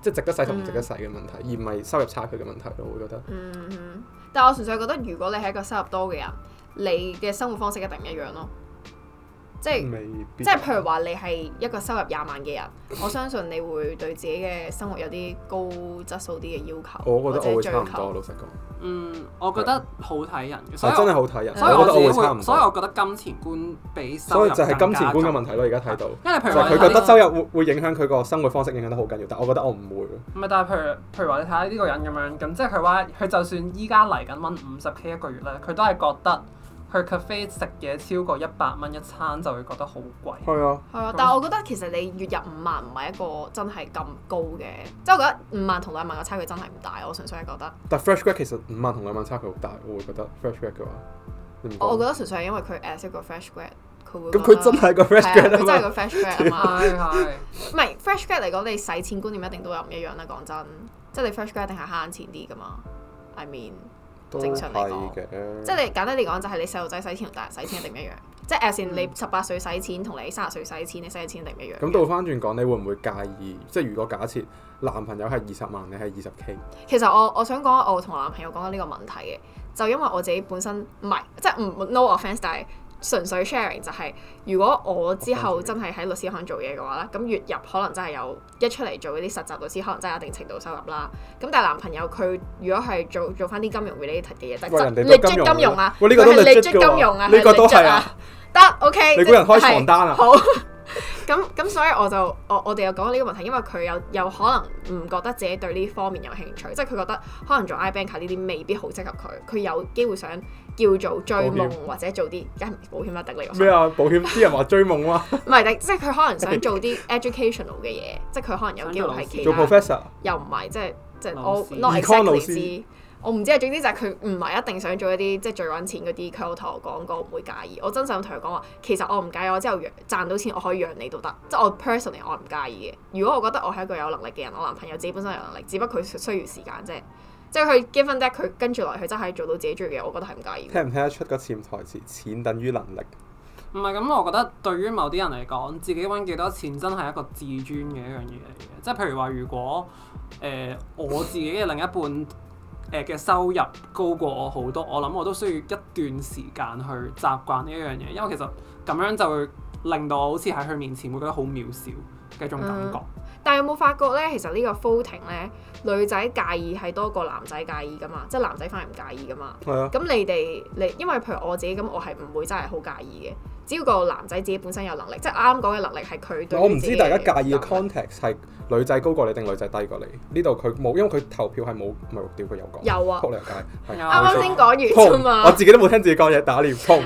即係值得使同唔值得使嘅問題，嗯、而唔係收入差距嘅問題咯。我會覺得，嗯哼，但係我純粹覺得如果你係一個收入多嘅人，你嘅生活方式一定唔一樣咯。即係譬如話你係一個收入廿萬嘅人，我相信你會對自己嘅生活有啲高質素啲嘅要求。我覺得我會差唔多，老實講。嗯，我覺得好睇人，真係好睇人。所以我會，所以我覺得金錢觀比所以就係金錢觀嘅問題咯，而家睇到。因為譬如話，佢覺得收入會會影響佢個生活方式，影響得好緊要。但我覺得我唔會。唔係，但係譬如譬如話，你睇下呢個人咁樣，咁即係佢話佢就算依家嚟緊揾五十 K 一個月咧，佢都係覺得。去 cafe 食嘢超過一百蚊一餐就會覺得好貴。係啊，係啊，嗯，但係我覺得其實你月入五萬唔係一個真係咁高嘅，即係我覺得五萬同兩萬嘅差距真係唔大，我純粹係覺得。但係 fresh grad 其實五萬同兩萬差距好大，我會覺得 fresh grad 嘅話，我我覺得純粹係因為佢 as 一個 fresh grad，佢會咁 [LAUGHS] 佢真係個 fresh grad，真係個 fresh grad 啊，係。唔係 fresh grad 嚟講，你使錢觀念一定都有唔一樣啦。講真，即係你 fresh grad 一定係慳錢啲噶嘛。I mean。正常嚟講，即係你簡單嚟講，就係、是、你細路仔使錢同大人使錢一定唔一樣。 [COUGHS] 即係 as in 你十八歲使錢同你三十歲使錢，你使錢一定唔一樣。咁、嗯、倒翻轉講，你會唔會介意？即係如果假設男朋友係二十萬，你係二十 K，其實我我想講，我同男朋友講緊呢個問題嘅，就因為我自己本身唔係，即係唔 no offence，但係。純粹 sharing 就係、是，如果我之後真係喺律師行做嘢嘅話咧，咁月入可能真係有一出嚟做嗰啲實習律師，可能真係有一定程度收入啦。咁但係男朋友佢如果係做做翻啲金融 related 嘅嘢，但係你津金融，哦這個、金融啊，佢係 legit 金融啊，呢個都係啊，得 OK。你估人開床單啊？就是、好。咁咁，所以我就我我哋又講呢個問題，因為佢有有，有可能唔覺得自己對呢方面有興趣，即係佢覺得可能做 ibank 呢、er、啲未必好適合佢，佢有機會想。叫做追夢險或者做啲，梗係保險一定嚟。咩啊？保險啲、啊、 [LAUGHS] 人話追夢啊。唔係， [LAUGHS] 即係佢可能想做啲 educational 嘅嘢， [LAUGHS] 即係佢可能有機會係其實做 professor，又唔係，即係即係我。我唔知啊。總之就係佢唔係一定想做一啲即係最揾錢嗰啲，佢 o 同我 t a 講我唔會介意。我真實咁同佢講話，其實我唔介意，我之後賺到錢我可以養你都得，即係我 personally 我唔介意嘅。如果我覺得我係一個有能力嘅人，我男朋友自己本身有能力，只不過佢需要時間啫。即係佢 given that 佢跟住落去，真係做到自己最嘅，我覺得係唔介意。聽唔聽得出個潛台詞？錢等於能力。唔係咁，我覺得對於某啲人嚟講，自己揾幾多錢真係一個自尊嘅一樣嘢嚟嘅。即係譬如話，如果誒、呃、我自己嘅另一半誒嘅、呃、收入高過我好多，我諗我都需要一段時間去習慣呢一樣嘢，因為其實咁樣就會令到我好似喺佢面前會覺得好渺小嘅一種感覺。嗯但有冇發覺咧？其實個呢個 footing 咧，女仔介意係多過男仔介意噶嘛，即係男仔反而唔介意噶嘛。係啊。咁你哋你，因為譬如我自己咁，我係唔會真係好介意嘅。只要個男仔自己本身有能力，即係啱啱講嘅能力係佢對自己嘅。我唔知大家介意嘅 context 係女仔高過你定女仔低過你？呢度佢冇，因為佢投票係冇咪掉佢有講。有啊。仆你入街。啱啱先講完啫嘛。我自己都冇聽自己講嘢，打臉。捧。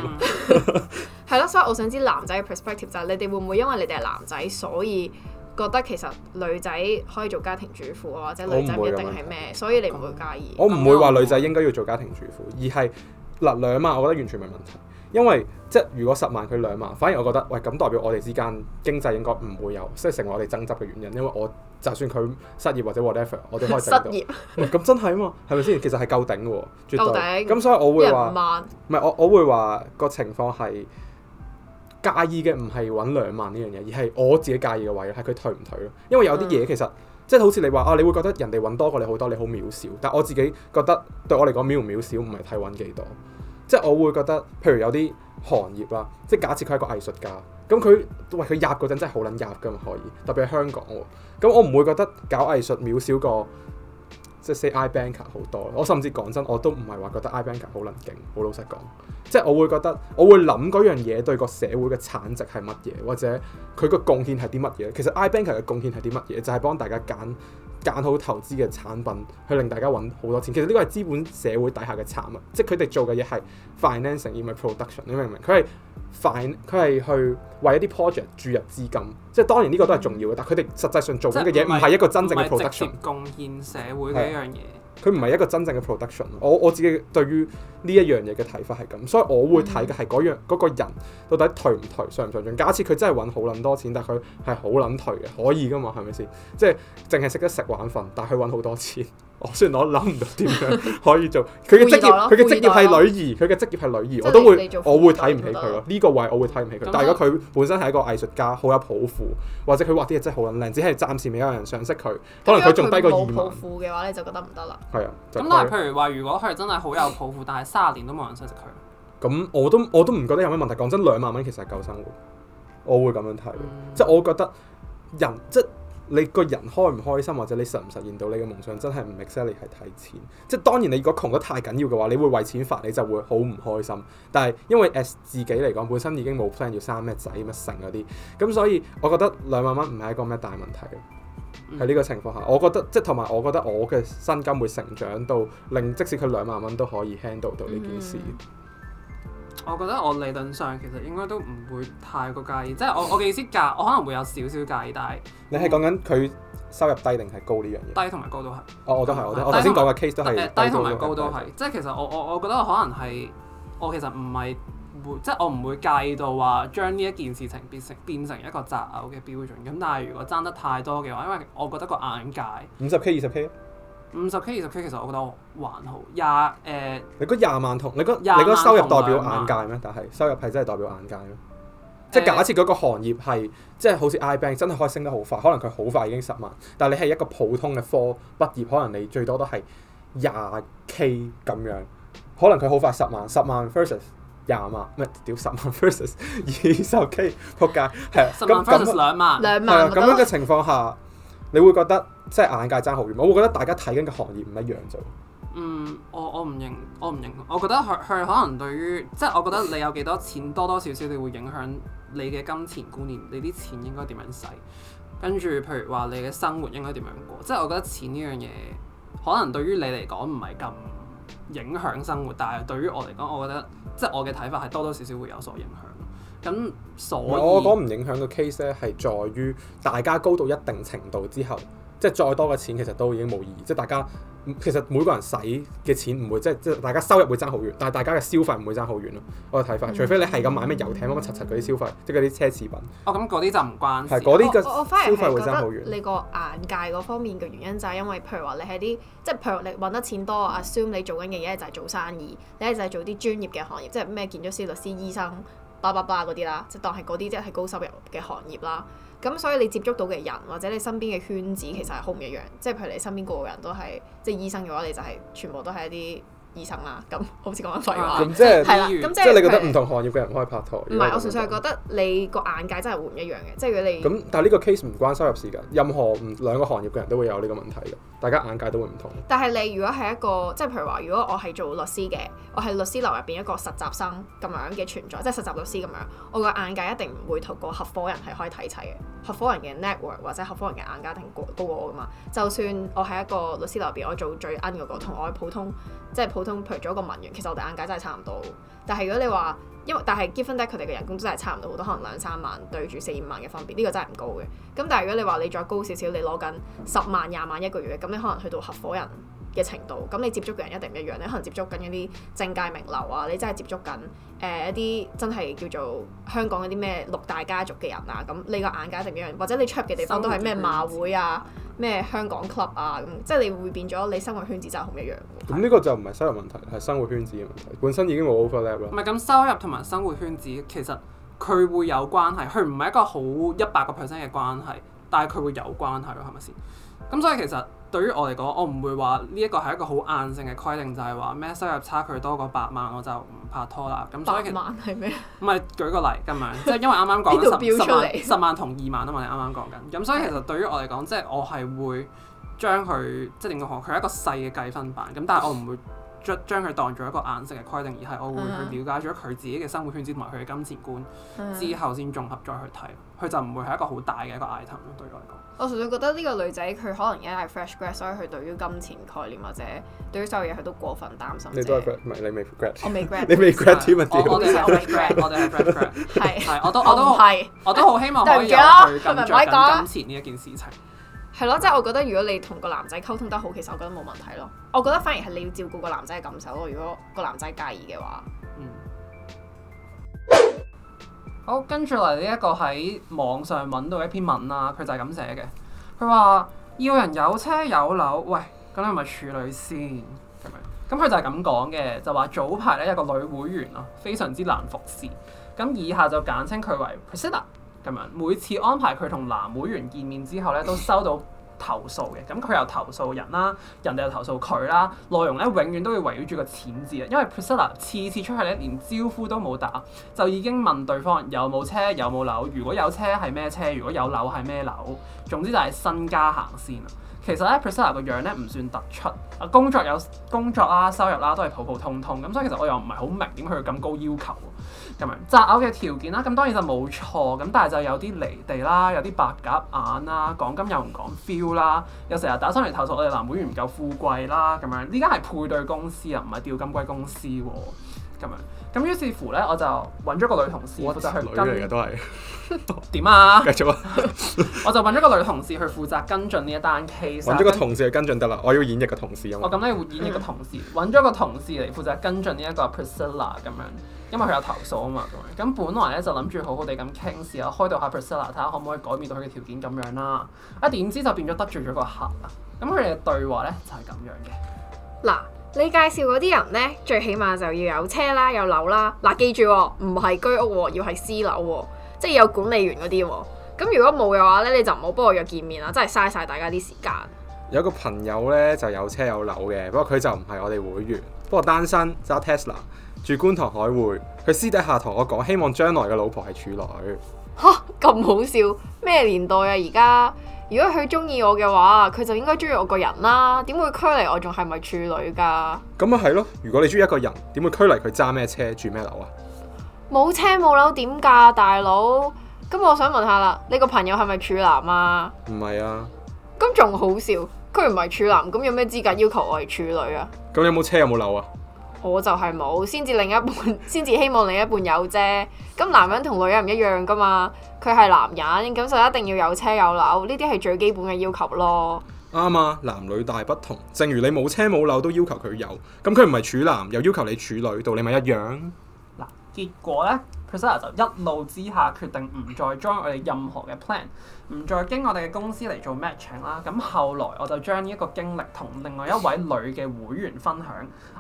係咯，所以我想知男仔嘅 perspective 就係、是、你哋會唔會因為你哋係男仔，所以？覺得其實女仔可以做家庭主婦或者女仔一定係咩，所以你唔會介意。我唔會話女仔應該要做家庭主婦，嗯、而係嗱兩萬，我覺得完全唔係問題，因為即係如果十萬佢兩萬，反而我覺得喂咁代表我哋之間經濟應該唔會有，即係成為我哋爭執嘅原因。因為我就算佢失業或者 whatever，我哋可以失業。咁業、欸、真係啊嘛，係咪先？其實係夠頂嘅喎，絕對，夠頂。咁所以我會話唔係我我會話個情況係。介意嘅唔係揾兩萬呢樣嘢，而係我自己介意嘅位，係佢退唔退咯。因為有啲嘢其實、嗯、即係好似你話啊，你會覺得人哋揾多過你好多，你好渺小。但我自己覺得對我嚟講渺唔渺小，唔係睇揾幾多，即係我會覺得，譬如有啲行業啦，即係假設佢係個藝術家，咁佢喂佢入嗰陣真係好撚入㗎嘛，可以，特別係香港喎。咁我唔會覺得搞藝術渺小過。即係 say，iBanker 好多，我甚至講真，我都唔係話覺得 iBanker 好能勁，好老實講，即係我會覺得，我會諗嗰樣嘢對個社會嘅產值係乜嘢，或者佢個貢獻係啲乜嘢。其實 iBanker 嘅貢獻係啲乜嘢，就係幫大家揀。揀好投資嘅產品去令大家揾好多錢，其實呢個係資本社會底下嘅產物，即係佢哋做嘅嘢係 finance 而唔係 production，你明唔明？佢係佢係去為一啲 project 注入資金，即係當然呢個都係重要嘅，但係佢哋實際上做緊嘅嘢唔係一個真正嘅 production，貢獻社會嘅一樣嘢。佢唔係一個真正嘅 production，我我自己對於呢一樣嘢嘅睇法係咁，所以我會睇嘅係嗰樣個人到底頹唔頹，上唔上進。假設佢真係揾好撚多錢，但係佢係好撚頹嘅，可以噶嘛？係咪先？即係淨係識得食玩瞓，但係佢揾好多錢。我雖然我諗唔到點樣可以做佢嘅職業，佢嘅職業係女兒，佢嘅職業係女兒，我都會我會睇唔起佢咯。呢個位我會睇唔起佢。但係如果佢本身係一個藝術家，好有抱負，或者佢畫啲嘢真係好靚，只係暫時未有人賞識佢，可能佢仲低過二萬。抱負嘅話你就覺得唔得啦。係啊。咁但係譬如話，如果佢真係好有抱負，但係三十年都冇人賞識佢，咁我都我都唔覺得有咩問題。講真，兩萬蚊其實係夠生活。我會咁樣睇，即係我覺得人即。你個人開唔開心，或者你實唔實現到你嘅夢想，真係唔 exactly 係睇錢。即係當然，你如果窮得太緊要嘅話，你會為錢煩，你就會好唔開心。但係因為 as 自己嚟講，本身已經冇 plan 要生咩仔咩剩嗰啲，咁所以我覺得兩萬蚊唔係一個咩大問題。喺呢個情況下，我覺得即係同埋我覺得我嘅薪金會成長到令即使佢兩萬蚊都可以 handle 到呢件事。我覺得我理論上其實應該都唔會太過介意，即係我我嘅意思介，我可能會有少少介意，但係你係講緊佢收入低定係高呢樣嘢？低同埋高都係。哦，我都係，我都係，我頭先講嘅 case 都係低同埋高都係，即係其實我我我覺得我可能係我其實唔係會，即係我唔會介意到話將呢一件事情變成變成一個擇偶嘅標準。咁但係如果爭得太多嘅話，因為我覺得個眼界五十 K 二十 K。五十 k 二十 k，其實我覺得我還好。廿誒、uh，你覺得廿萬同你覺得你收入代表眼界咩？2萬但係收入係真係代表眼界咯。嗯、即係假設嗰個行業係即係好似 I bank 真係可以升得好快，可能佢好快已經十萬。但係你係一個普通嘅科畢業，可能你最多都係廿 k 咁樣。可能佢好快十萬，十萬 versus 廿萬，唔屌十萬 versus 二十 k，撲街係啊，十萬 versus 咁2萬，兩萬係啊，咁樣嘅情況下。你會覺得即係眼界爭好遠，我會覺得大家睇緊嘅行業唔一樣啫。嗯，我我唔認，我唔認。我覺得佢佢可能對於，即係我覺得你有幾多錢，多多少少你會影響你嘅金錢觀念，你啲錢應該點樣使。跟住，譬如話你嘅生活應該點樣過，即係我覺得錢呢樣嘢，可能對於你嚟講唔係咁影響生活，但係對於我嚟講，我覺得即係我嘅睇法係多多少少會有所影響。咁，所以我講唔影響嘅 case 咧，係在於大家高到一定程度之後，即係再多嘅錢其實都已經冇意義。即係大家其實每個人使嘅錢唔會，即係即係大家收入會爭好遠，但係大家嘅消費唔會爭好遠咯。我睇法，除非你係咁買咩遊艇乜乜柒嗰啲消費，即係嗰啲奢侈品。哦，咁嗰啲就唔關係。係嗰啲嘅消費會爭好遠。你個眼界嗰方面嘅原因就係因為，譬如話你係啲即係譬如你揾得錢多 assume 你做緊嘅嘢就係做生意，你係就係做啲專業嘅行業，即係咩建築師、律師、醫生。啦啦啦嗰啲啦，即係當係嗰啲即係高收入嘅行業啦，咁所以你接觸到嘅人或者你身邊嘅圈子其實係好唔一樣，即係譬如你身邊個個人都係，即係醫生嘅話，你就係全部都係一啲。醫生啦、啊，咁好似講緊廢話。咁即係，即係你覺得唔同行業嘅人可以拍拖？唔係是，我純粹係覺得你個眼界真係會唔一樣嘅。即、就、係、是、如果你咁，但係呢個 case 唔關收入事噶，任何兩個行業嘅人都會有呢個問題嘅，大家眼界都會唔同。但係你如果係一個，即係譬如話，如果我係做律師嘅，我係律師樓入邊一個實習生咁樣嘅存在，即係實習律師咁樣，我個眼界一定唔會同個合夥人係可以睇齊嘅。合夥人嘅 network 或者合夥人嘅眼界一定高過我噶嘛？就算我係一個律師樓入邊，我做最奀嗰、那個，同我普通即係普。通譬如做一個文員，其實我哋眼界真係差唔多。但係如果你話，因為但係結婚，得佢哋嘅人工真係差唔多好多，可能兩三萬對住四五萬嘅分別，呢個真係唔高嘅。咁但係如果你話你再高少少，你攞緊十萬、廿萬一個月，咁你可能去到合伙人。嘅程度，咁你接觸嘅人一定唔一樣，你可能接觸緊一啲政界名流啊，你真係接觸緊誒一啲真係叫做香港嗰啲咩六大家族嘅人啊，咁你個眼界一定唔一樣，或者你出入嘅地方都係咩馬會啊、咩香港 club 啊，咁即係你會變咗你生活圈子真係好唔一樣。咁呢個就唔係收入問題，係生活圈子嘅問題，本身已經冇 overlap 咯。唔係咁收入同埋生活圈子其實佢會有關係，佢唔係一個好一百個 percent 嘅關係，但係佢會有關係咯，係咪先？咁所以其實。對於我嚟講，我唔會話呢一個係一個好硬性嘅規定，就係話咩收入差距多過百萬我就唔拍拖啦。咁所以其實百萬係咩？唔係舉個例咁樣，即係 [LAUGHS] 因為啱啱講十萬同二萬啊嘛，你啱啱講緊。咁所以其實對於我嚟講，即係我係會將佢即係點講？佢係一個細嘅計分版。咁但係我唔會將佢當做一個硬性嘅規定，而係我會去了解咗佢自己嘅生活圈子同埋佢嘅金錢觀啊啊之後，先綜合再去睇。佢就唔會係一個好大嘅一個 item。對於我嚟講。我純粹覺得呢個女仔佢可能因為 fresh grad，所以佢對於金錢概念或者對於所有嘢佢都過分擔心你 at,。你都係 grad，唔係你未 grad，、啊、對我未 grad，你未 grad。我我哋係未 grad，我哋係 fresh grad。係係，我都 [LAUGHS] 我都我都好, [LAUGHS] 好希望可以去跟進金錢呢一件事情。係咯， [LAUGHS] 即係、就是、我覺得如果你同個男仔溝通得好，其實我覺得冇問題咯。我覺得反而係你要照顧個男仔嘅感受咯。如果個男仔介意嘅話。好，跟住嚟呢一個喺網上揾到一篇文啦。佢就係咁寫嘅。佢話要人有車有樓，喂，咁你係咪處女先？咁佢就係咁講嘅，就話早排咧有個女會員咯，非常之難服侍。咁以下就簡稱佢為 Priscilla 咁樣，每次安排佢同男會員見面之後咧，都收到投訴嘅，咁佢又投訴人啦，人哋又投訴佢啦。內容咧，永遠都要圍繞住個錢字啊，因為 Priscilla 次次出去咧，連招呼都冇打，就已經問對方有冇車有冇樓，如果有車係咩車，如果有樓係咩樓，總之就係身家行先啦。其實咧，Priscilla 個樣咧唔算突出，啊工作有工作啦、啊，收入啦、啊、都係普普通通，咁所以其實我又唔係好明點佢咁高要求，咁樣擇偶嘅條件啦、啊，咁當然就冇錯，咁但係就有啲離地啦，有啲白鴿眼啦，講金又唔講 feel 啦，有成日打翻嚟投訴我哋男會員唔夠富貴啦，咁樣呢間係配對公司啊，唔係釣金龜公司喎、啊，咁樣。咁於是乎咧，我就揾咗個女同事，我就去跟。女嘅都係點啊？繼續啊！我就揾咗個女同事去負責跟進呢一單 case。揾咗個同事去跟進得啦，我要演繹個同事啊嘛。我咁咧會演繹個同事，揾咗、嗯、個同事嚟負責跟進呢一個 Priscilla 咁樣，因為佢有投訴啊嘛。咁本來咧就諗住好好地咁傾，試下開導下 Priscilla，睇下可唔可以改變到佢嘅條件咁樣啦。啊點知就變咗得罪咗個客啦。咁佢哋嘅對話咧就係咁樣嘅嗱。你介紹嗰啲人呢，最起碼就要有車啦，有樓啦。嗱、啊，記住，唔係居屋喎，要係私樓喎，即係有管理員嗰啲喎。咁如果冇嘅話呢，你就唔好幫我約見面啦，真係嘥晒大家啲時間。有一個朋友呢，就有車有樓嘅，不過佢就唔係我哋會員，不過單身揸 Tesla 住觀塘海匯。佢私底下同我講，希望將來嘅老婆係處女。嚇，咁好笑，咩年代啊，而家？如果佢中意我嘅話，佢就應該中意我個人啦。點會拘離我仲係咪處女噶？咁咪係咯。如果你中意一個人，點會拘離佢揸咩車住咩樓啊？冇車冇樓點噶大佬？咁我想問下啦，你個朋友係咪處男啊？唔係啊。咁仲好笑，佢唔係處男，咁有咩資格要求我係處女啊？咁有冇車有冇樓啊？我就係冇，先至另一半，先至希望另一半有啫。咁男人同女人唔一樣噶嘛，佢係男人，咁就一定要有車有樓，呢啲係最基本嘅要求咯。啱啊，男女大不同，正如你冇車冇樓都要求佢有，咁佢唔係處男又要求你處女，道理咪一樣？嗱，結果呢？Priscilla 就一怒之下決定唔再 join 我哋任何嘅 plan，唔再經我哋嘅公司嚟做 matching 啦、啊。咁後來我就將呢一個經歷同另外一位女嘅會員分享。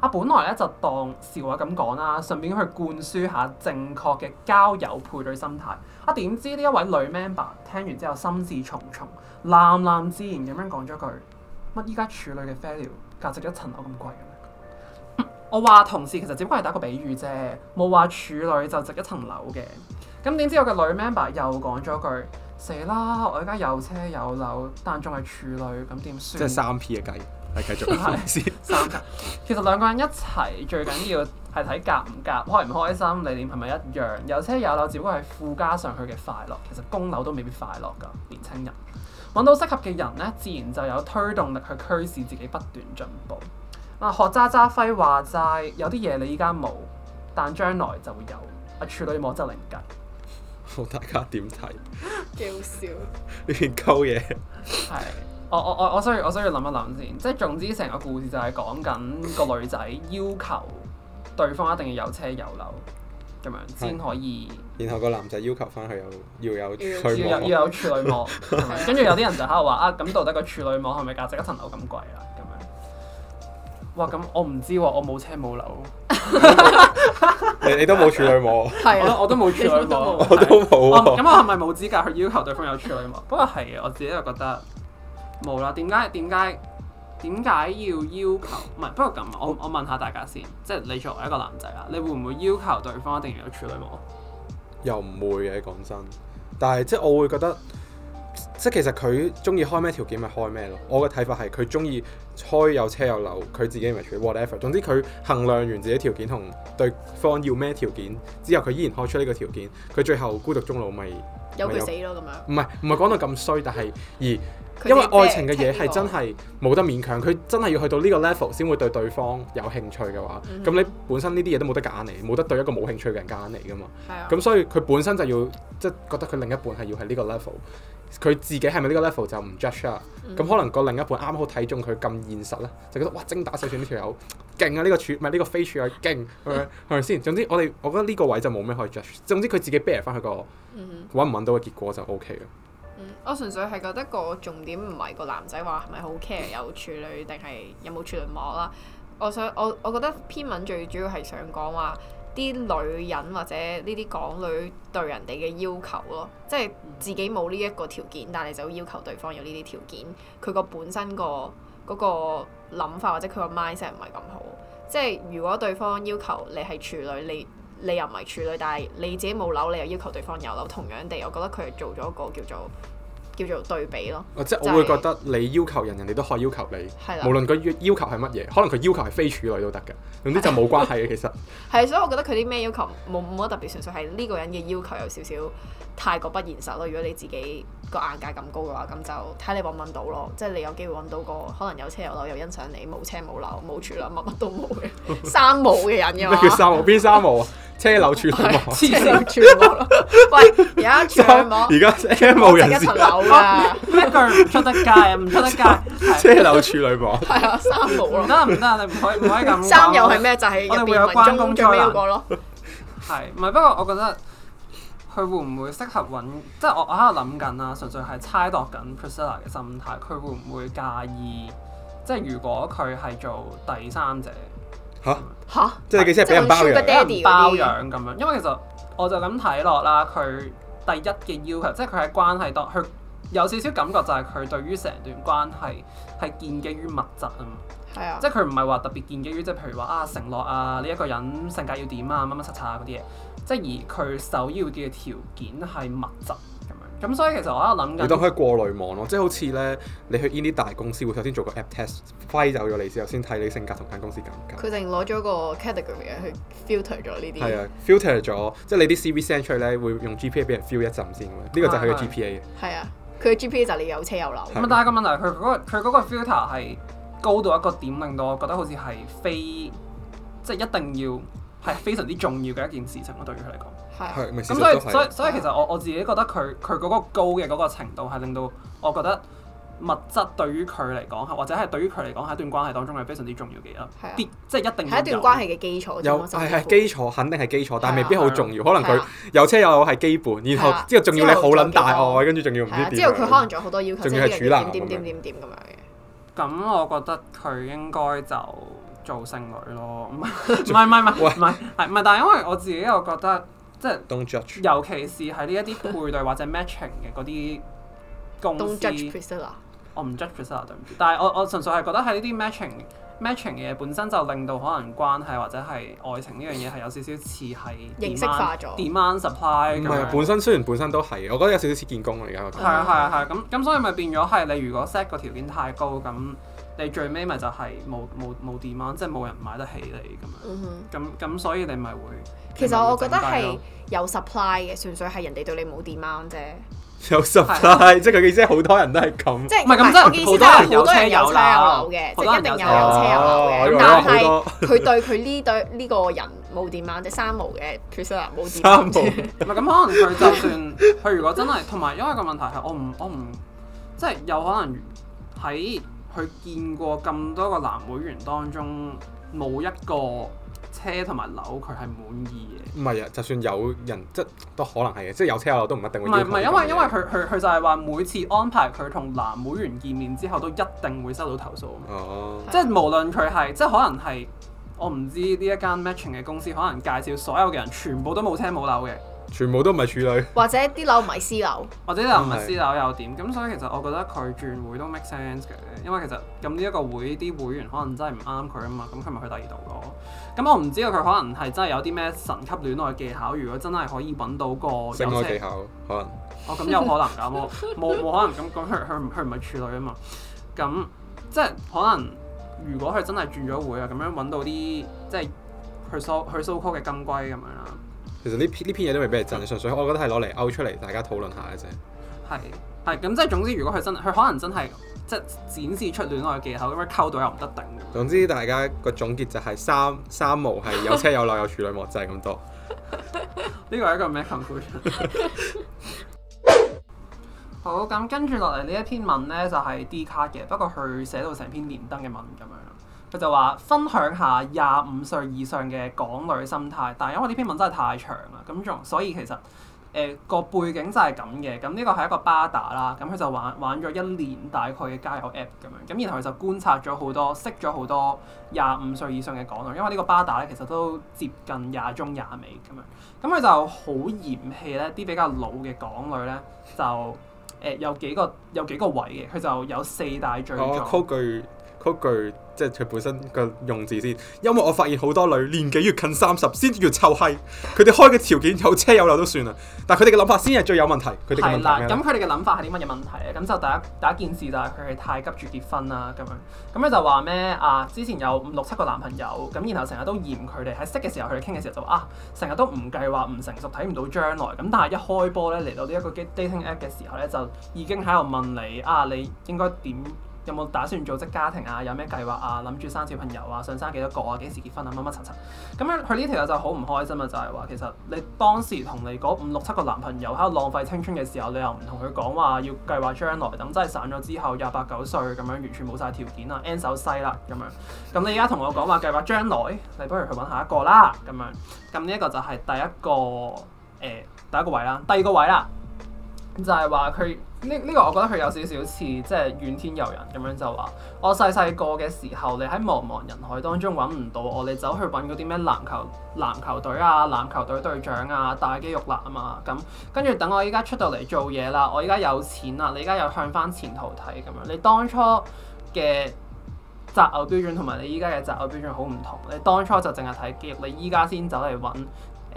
啊，本來咧就當笑話咁講啦，順便去灌輸下正確嘅交友配對心態。啊，點知呢一位女 member 聽完之後心事重重，喃喃自言咁樣講咗句：乜依家處女嘅 failure 價值一層樓咁貴？我話同事其實只不過係打個比喻啫，冇話處女就值一層樓嘅。咁點知我個女 member 又講咗句：死啦！我而家有車有樓，但仲係處女，咁點算？即係三 P 嘅計，係繼續三 [LAUGHS] 其實兩個人一齊最緊要係睇夾唔夾，開唔開心，理念係咪一樣？有車有樓只不過係附加上佢嘅快樂，其實供樓都未必快樂㗎。年青人揾到適合嘅人咧，自然就有推動力去驅使自己不斷進步。啊！學渣渣輝話齋，有啲嘢你依家冇，但將來就會有。啊！處女膜就零計，我大家點睇？幾 [LAUGHS] 好笑！亂鳩嘢。係， [LAUGHS] 我我我我需要我需要諗一諗先。即係總之，成個故事就係講緊個女仔要求對方一定要有車有樓咁樣，先可以。 [LAUGHS] 然後個男仔要求翻佢有要，去要，要有處女膜，跟住 [LAUGHS] 有啲人就喺度話啊，咁、啊、到底個處女膜係咪價值一層樓咁貴啊？哇！咁我唔知喎，我冇車冇樓， [LAUGHS] 你你都冇處女膜，係 [LAUGHS] 的我都冇處女膜，我都冇。咁 [LAUGHS] 的我係咪冇資格去要求對方有處女膜？ [LAUGHS] 不過係我自己就覺得冇啦。點解點解點解要要求？唔係，不過咁我我問下大家先，即係你作為一個男仔啊，你會唔會要求對方一定要有處女膜？又唔會嘅，講真，但係即係我會覺得。即係其實佢中意開咩條件咪開咩咯，我嘅睇法係佢中意開有車有樓，佢自己認為 whatever。總之佢衡量完自己條件同對方要咩條件之後，佢依然開出呢個條件，佢最後孤獨終老咪由佢死咯咁樣。唔係唔係講到咁衰，但係而因為愛情嘅嘢係真係冇得勉強，佢真係要去到呢個 level 先會對對方有興趣嘅話，咁、嗯、哼你本身呢啲嘢都冇得夾硬嚟，冇得對一個冇興趣嘅人夾硬嚟噶嘛。咁、啊、所以佢本身就要即係覺得佢另一半係要喺呢個 level。佢自己係咪呢個 level 就唔 judge 啊？咁、mm hmm. 嗯、可能個另一半啱好睇中佢咁現實咧，就覺得哇精打細算呢條友勁啊！呢、呢個處唔係呢個非處女勁，係咪先？總之我哋我覺得呢個位就冇咩可以 judge。總之佢自己 bear 翻佢、嗰個揾唔揾到嘅結果就 OK 啦。Mm hmm. 我純粹係覺得個重點唔係個男仔話係咪好 care 有處女定係有冇處女膜啦、啊。我想我我覺得篇文最主要係想講話。啲女人或者呢啲港女對人哋嘅要求咯，即係自己冇呢一個條件，但係就要求對方有呢啲條件。佢個本身個嗰個諗法或者佢個 mindset 唔係咁好。即係如果對方要求你係處女，你你又唔係處女，但係你自己冇樓，你又要求對方有樓，同樣地，我覺得佢係做咗一個叫做。叫做對比咯、哦，即係我會覺得你要求人、就是、人哋都可以要求你，的無論佢要求係乜嘢，可能佢要求係非處女都得嘅，總之就冇關係嘅 [LAUGHS] 其實。係， [LAUGHS] [LAUGHS] 所以我覺得佢啲咩要求冇冇乜特別，純粹係呢個人嘅要求有少少。太過不現實咯，如果你自己個眼界咁高嘅話，咁就睇你揾唔揾到咯。即係你有機會揾到個可能有車有樓又欣賞你，冇車冇樓冇處啦，乜乜都冇嘅三無嘅人嘅話，咩叫三無？邊三無啊？車樓處女房，喂，而家處女房，而家三無人士，一層樓啊，一個人出得街啊，唔出得街。車樓處女房，係啊，三無咯。唔得唔得，你唔可以唔可以咁三無係咩？就係入邊有關東最屘嗰個咯。係，唔係不過我覺得。佢會唔會適合揾？即係我我喺度諗緊啊，純粹係猜度緊 Priscilla 嘅心態。佢會唔會介意？即係如果佢係做第三者，嚇嚇，即係即係俾人包養，俾人包養咁樣。因為其實我就咁睇落啦，佢第一嘅要求，即係佢喺關係度去。有少少感覺就係佢對於成段關係係建基於物質啊嘛，係啊，即係佢唔係話特別建基於即係譬如話啊承諾啊你一，呢個人性格要點啊乜乜七七嗰啲嘢，即係而佢首要嘅條件係物質咁樣，咁所以其實我喺度諗緊。你當佢過濾網咯，即係好似咧你去呢啲大公司會首先做個 app test，篩走咗你之後先睇你性格同間公司緊唔緊。佢凈攞咗個 category 去 filter 咗呢啲。係啊，filter 咗，fil 嗯、即係你啲 cv send 出去咧會用 gpa 俾人 filter 一陣先，呢、呢個就係佢嘅 gpa。係啊。佢嘅 GPA 就你有車有樓的。咁但係個問題，佢嗰個佢嗰個 filter 係高到一個點，令到我覺得好似係非即係、即係、一定要係非常之重要嘅一件事情咯，對於佢嚟講。係的。咁所以所以所以，所以其實我我自己覺得佢佢嗰個高嘅嗰個程度係令到我覺得。物質對於佢嚟講，或者係對於佢嚟講喺一段關係當中係非常之重要嘅嘢，必即係一定要一段關係嘅基礎有係係基礎，肯定係基礎，但係未必好重要。可能佢有車有樓係基本，然後之後仲要你好撚大愛，跟住仲要唔知點。之後佢可能仲有好多要求，仲要係處男點點點點點咁樣嘅。咁我覺得佢應該就做剩女咯，唔係唔係唔係唔係唔係，但係因為我自己又覺得即係，尤其是喺呢一啲配對或者 matching 嘅嗰啲公司。我唔 judge，對唔住，但係我我純粹係覺得係呢啲 matching matching 嘅嘢本身就令到可能關係或者係愛情呢樣嘢係有少少似係形式化咗，demand supply 唔係、嗯、本身雖然本身都係，我覺得有少少似建功咯，而家覺得係啊係啊係，咁咁 [NOISE] 所以咪變咗係你如果 set 個條件太高，咁你最尾咪就係冇冇冇 demand，即係冇人買得起你咁樣，咁咁、嗯、哼所以你咪會其實我覺得係有，有 supply 嘅，純粹係人哋對你冇 demand 啫。有十的，即係佢意思好多人都係咁，即係唔係咁多，好多人都有車有樓嘅，即係一定有有車有樓嘅。有有但係佢對佢呢對呢 [LAUGHS] 個人冇點啊，即三無嘅其實冇點知。唔係咁可能佢就算佢如果真係同埋， [LAUGHS] 因為個問題係我唔我唔即係有可能喺佢見過咁多個男會員當中冇一個。車同埋樓，佢係滿意嘅。唔係啊，就算有人即都可能係嘅，即有車有樓都唔一定會。唔係唔係，因為因為佢佢佢就係話每次安排佢同男會員見面之後，都一定會收到投訴。哦，oh。即無論佢係即可能係我唔知呢一間 matching 嘅公司，可能介紹所有嘅人全部都冇車冇樓嘅。全部都唔係處女，或者啲樓唔係私樓，或者又唔係私樓又點。咁所以其實我覺得佢轉會都 make sense 嘅，因為其實咁呢一個會啲會員可能真係唔啱佢啊嘛，咁佢咪去第二度咯。咁我唔知道佢可能係真係有啲咩神級戀愛技巧，如果真係可以揾到個有性愛技巧，可能 [LAUGHS] 哦咁有可能㗎，冇冇 [LAUGHS] 可能咁講佢佢唔佢唔係處女啊嘛。咁即係可能如果佢真係轉咗會啊，咁樣揾到啲即係去 so 去 so call 嘅金龜咁樣啦。其實呢篇呢篇嘢都未必係真，純粹我覺得係攞嚟勾出嚟，大家討論下嘅啫。係係咁，即係總之，如果佢真係，佢可能真係即係展示出戀愛嘅技巧，咁樣溝到又唔得定。總之，大家個總結就係三三無係有車有樓有處女膜 [LAUGHS] 就係咁多。呢個係一個咩 conclusion？好，咁跟住落嚟呢一篇文咧，就係、是、D 卡嘅，不過佢寫到成篇連登嘅文咁樣。佢就話分享下廿五歲以上嘅港女心態，但係因為呢篇文真係太長啦，咁仲所以其實誒個、呃、背景就係咁嘅，咁呢個係一個巴打啦，咁佢就玩玩咗一年大概嘅交友 app 咁樣，咁然後佢就觀察咗好多，識咗好多廿五歲以上嘅港女，因為呢個巴打咧其實都接近廿中廿尾咁樣，咁佢就好嫌棄咧啲比較老嘅港女咧就誒、呃、有幾個有幾個位嘅，佢就有四大罪狀句即係佢本身個用字先，因為我發現好多女年紀越近三十先至越臭閪，佢哋開嘅條件有車有樓都算啦，但係佢哋嘅諗法先係最有問題。佢哋係啦，咁佢哋嘅諗法係啲乜嘢問題啊？咁就第一第一件事就係佢哋太急住結婚啦，咁樣咁咧就話咩啊？之前有五六七個男朋友，咁然後成日都嫌佢哋喺識嘅時候，佢哋傾嘅時候就啊，成日都唔計劃、唔成熟、睇唔到將來。咁但係一開波咧嚟到呢一個 dating app 嘅時候咧，就已經喺度問你啊，你應該點？有冇打算組織家庭啊？有咩計劃啊？諗住生小朋友啊？想生幾多個啊？幾時結婚啊？乜乜柒柒咁樣，佢呢條友就好唔開心啊！就係話其實你當時同你嗰五六七個男朋友喺度浪費青春嘅時候，你又唔同佢講話要計劃將來，等真係散咗之後，廿八九歲咁樣完全冇晒條件啊，n 手西啦咁樣。咁你而家同我講話計劃將來，你不如去揾下一個啦咁樣。咁呢一個就係第一個誒、呃、第一個位啦，第二個位啦。就係話佢呢呢個，我覺得佢有少少似即係怨天尤人咁樣，就話我細細個嘅時候，你喺茫茫人海當中揾唔到我，你走去揾嗰啲咩籃球籃球隊啊、籃球隊隊長啊、大肌肉男啊咁。跟住等我依家出到嚟做嘢啦，我依家有錢啦，你依家又向翻前途睇咁樣。你當初嘅擇偶標準同埋你依家嘅擇偶標準好唔同。你當初就淨係睇肌肉，你依家先走嚟揾。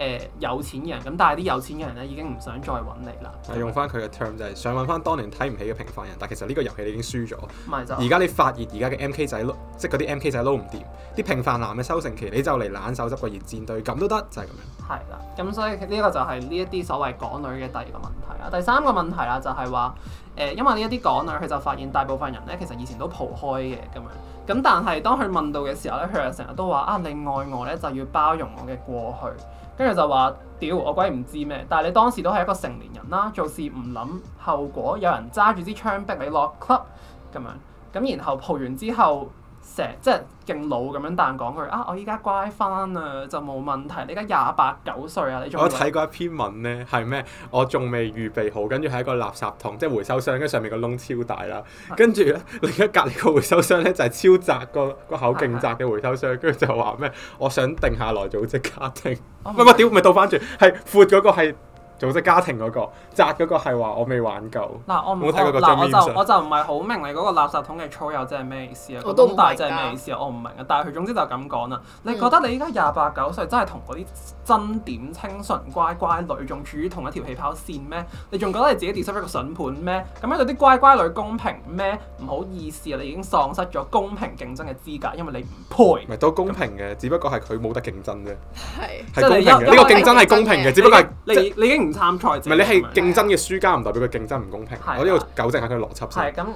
誒、呃、有錢人咁，但係啲有錢嘅人咧已經唔想再揾你啦。嗯、用翻佢嘅 term 就係想揾翻當年睇唔起嘅平凡人，但其實呢個遊戲你已經輸咗。而家你發現而家嘅 M K 仔咯，即係嗰啲 M K 仔撈唔掂，啲平凡男嘅收成期你就嚟冷手執個熱戰隊咁都得，就係、是、咁樣。係啦，咁所以呢一個就係呢一啲所謂港女嘅第二個問題啊。第三個問題啦，就係話誒，因為呢一啲港女佢就發現大部分人咧其實以前都蒲開嘅咁樣，咁但係當佢問到嘅時候咧，佢就成日都話啊，你愛我咧就要包容我嘅過去。跟住就話：屌，我鬼唔知咩！但係你當時都係一個成年人啦，做事唔諗後果，有人揸住支槍逼你落 club 咁樣，咁然後蒲完之後。成即係勁老咁樣，但講句啊，我依家乖翻啦，就冇問題你。你而家廿八九歲啊，你仲我睇過一篇文咧，係咩？我仲未預備好，跟住喺一個垃圾桶，即係回收箱，跟上面個窿超大啦。是的 跟住咧，另一隔離個回收箱咧，就係超窄個個口勁窄嘅回收箱，跟住就話咩？我想定下來組織家庭。喂喂，屌咪倒翻轉，係闊嗰個係。組織家庭嗰、那個扎嗰個係話我未玩夠。嗱我冇睇嗰個，我就我就唔係好明你嗰個垃圾桶嘅粗油字係咩意思啊？好、啊、大咩意思啊！我唔明啊！但係佢總之就咁講啦。你覺得你依家廿八九歲真係同嗰啲真點清純乖乖女仲處於同一條起跑線咩？你仲覺得你自己 deserve 一個筍盤咩？咁樣對啲乖乖女公平咩？唔好意思啊，你已經喪失咗公平競爭嘅資格，因為你唔配。唔係都公平嘅，那只不過係佢冇得競爭啫。係係是公平呢為個競爭係公平嘅，是只不過係你你，就你已經。唔參賽者。唔係你係競爭嘅輸家，唔代表佢競爭唔公平。的我呢度糾正下佢邏輯先的。係咁的，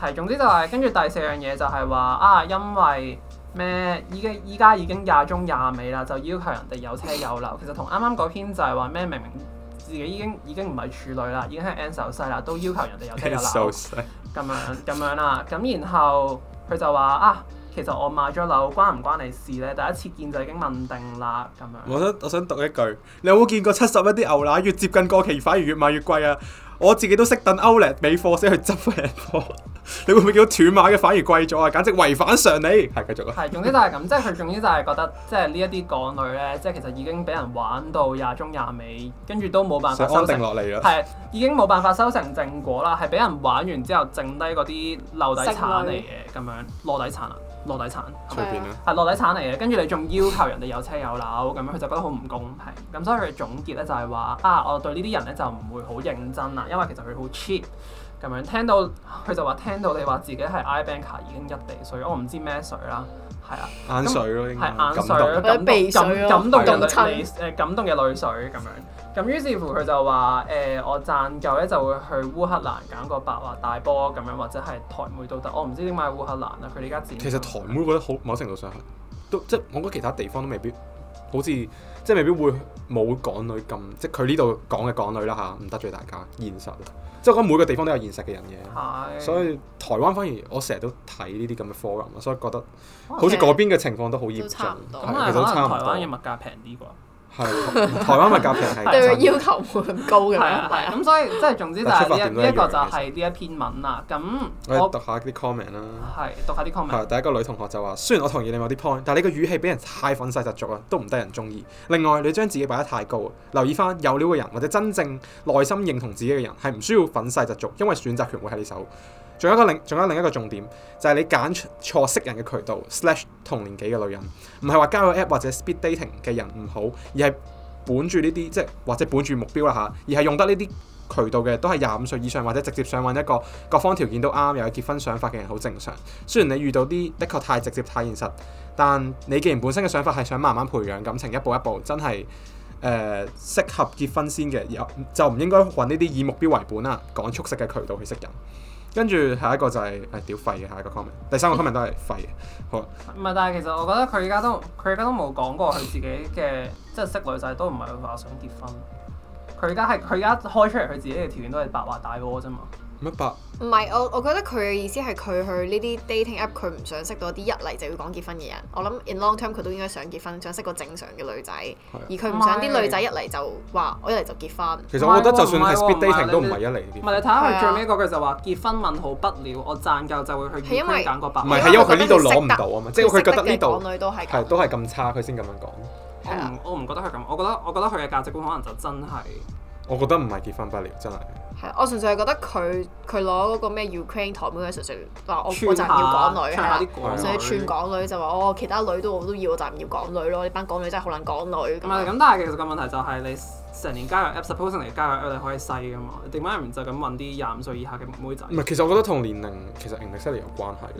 係總之就係跟住第四樣嘢就係話啊，因為咩依家依家已經廿中廿尾啦，就要求人哋有車有樓。其實同啱啱嗰篇就係話咩，明明自己已經已經唔係處女啦，已經係 n d 受細啦，都要求人哋有車有樓。咁 [LAUGHS] 樣咁樣啦、啊，咁然後佢就話啊。其實我買咗樓，關唔關你事咧？第一次見就已經問定啦，咁樣。我想我想讀一句，你有冇見過七十一啲牛奶越接近過期，反而越賣越貴啊？我自己都識等 Outlet 尾貨先去執 [LAUGHS] 你會唔會見到斷碼嘅反而貴咗啊？簡直違反常理。係繼續啊。係，總之就係咁，即係佢總之就係覺得，即係呢一啲港女咧，即係其實已經俾人玩到廿中廿尾，跟住都冇辦法收成。安定落嚟咯。已經冇辦法收成正果啦，係俾人玩完之後剩，剩低嗰啲漏底產嚟嘅咁樣落底產啊。落底層隨便係、啊、落底層嚟嘅。跟住你仲要求人哋有車有樓，咁樣佢就覺得好唔公平。咁所以佢總結咧就係話：啊，我對呢啲人咧就唔會好認真啦，因為其實佢好 cheap 咁樣。聽到佢就話聽到你話自己係 I banker 已經一地水，我唔知咩水啦，係啊，眼水咯，係眼水，感動、啊、感動嘅淚，感動嘅淚、呃、水咁樣。咁於是乎佢就話：誒、呃，我賺夠咧就會去烏克蘭揀個白話大波咁樣，或者係台妹都得。我、哦、唔知點解烏克蘭啦、啊，佢依家自己。其實台妹覺得好，某程度上都即係我覺得其他地方都未必好似，即係未必會冇港女咁，即係佢呢度講嘅港女啦吓，唔得罪大家。現實即係覺得每個地方都有現實嘅人嘅，是所以台灣反而我成日都睇呢啲咁嘅 forum 所以覺得 Okay. 好似嗰邊嘅情況都好嚴重。其實都差唔多。台灣嘅物價平啲啩。係， [LAUGHS] 台灣咪較平係。對佢要求冇咁高嘅係啊，咁、啊 [LAUGHS] 嗯、所以即係總之就係一一個就係呢一篇文啦。咁實我，我讀一下啲 comment 啦。係讀一下啲 comment。第一個女同學就話：雖然我同意你某啲 point，但係你嘅語氣俾人太憤世嫉俗啊，都唔得人中意。另外，你將自己擺得太高。留意翻有料嘅人，或者真正內心認同自己嘅人，係唔需要憤世嫉俗，因為選擇權會喺你手。仲有一個另仲有另一個重點，就係、是、你揀錯識人嘅渠道，slash 同年紀嘅女人，唔係話交友 App 或者 speed dating 嘅人唔好，而係本住呢啲即係或者本住目標啦吓，而係用得呢啲渠道嘅都係廿五歲以上或者直接想揾一個各方條件都啱又有結婚想法嘅人，好正常。雖然你遇到啲的確太直接太現實，但你既然本身嘅想法係想慢慢培養感情，一步一步真係誒、呃、適合結婚先嘅，就唔應該揾呢啲以目標為本啦，講速食嘅渠道去識人。跟住下一個就係、係，係屌廢嘅下一個 comment，第三個 comment 都係廢嘅，好。唔係，但係其實我覺得佢而家都，佢而家都冇講過佢自己嘅， [LAUGHS] 即係識女仔都唔係話想結婚。佢而家係，佢而家開出嚟佢自己嘅條件都係白滑大波啫嘛。一百？唔係我，我覺得佢嘅意思係佢去呢啲 dating app，佢唔想識到啲一嚟就要講結婚嘅人。我諗 in long time 佢都應該想結婚，想識個正常嘅女仔，而佢唔想啲女仔一嚟就話我一嚟就結婚。其實我覺得就算係 speed dating 都唔係一嚟，唔係你睇下佢最尾一句就話結婚問號不了，我賺夠就會去結婚，揀個，唔係係因為佢呢度攞唔到啊嘛，即係佢覺得呢度，港女都係咁差，佢先咁樣講。我唔我唔覺得佢咁，我覺得我覺得佢嘅價值觀可能就真係我覺得唔係結婚不了，真係。係，我純粹係覺得佢佢攞嗰個咩 Ukraine 台妹嘅，純粹話我就唔要港女，係啦，是鬼鬼所港女就話：哦，其他女都我都要，但係唔要港女咯。呢班港女真係好撚港女。唔係、嗯，咁但係其實個問題就係你成年加入 app，supposing 嚟加入 app 你可以篩噶嘛？點解唔就咁問啲廿五歲以下嘅妹仔？唔係，其實我覺得同年齡其實盈利上有關係，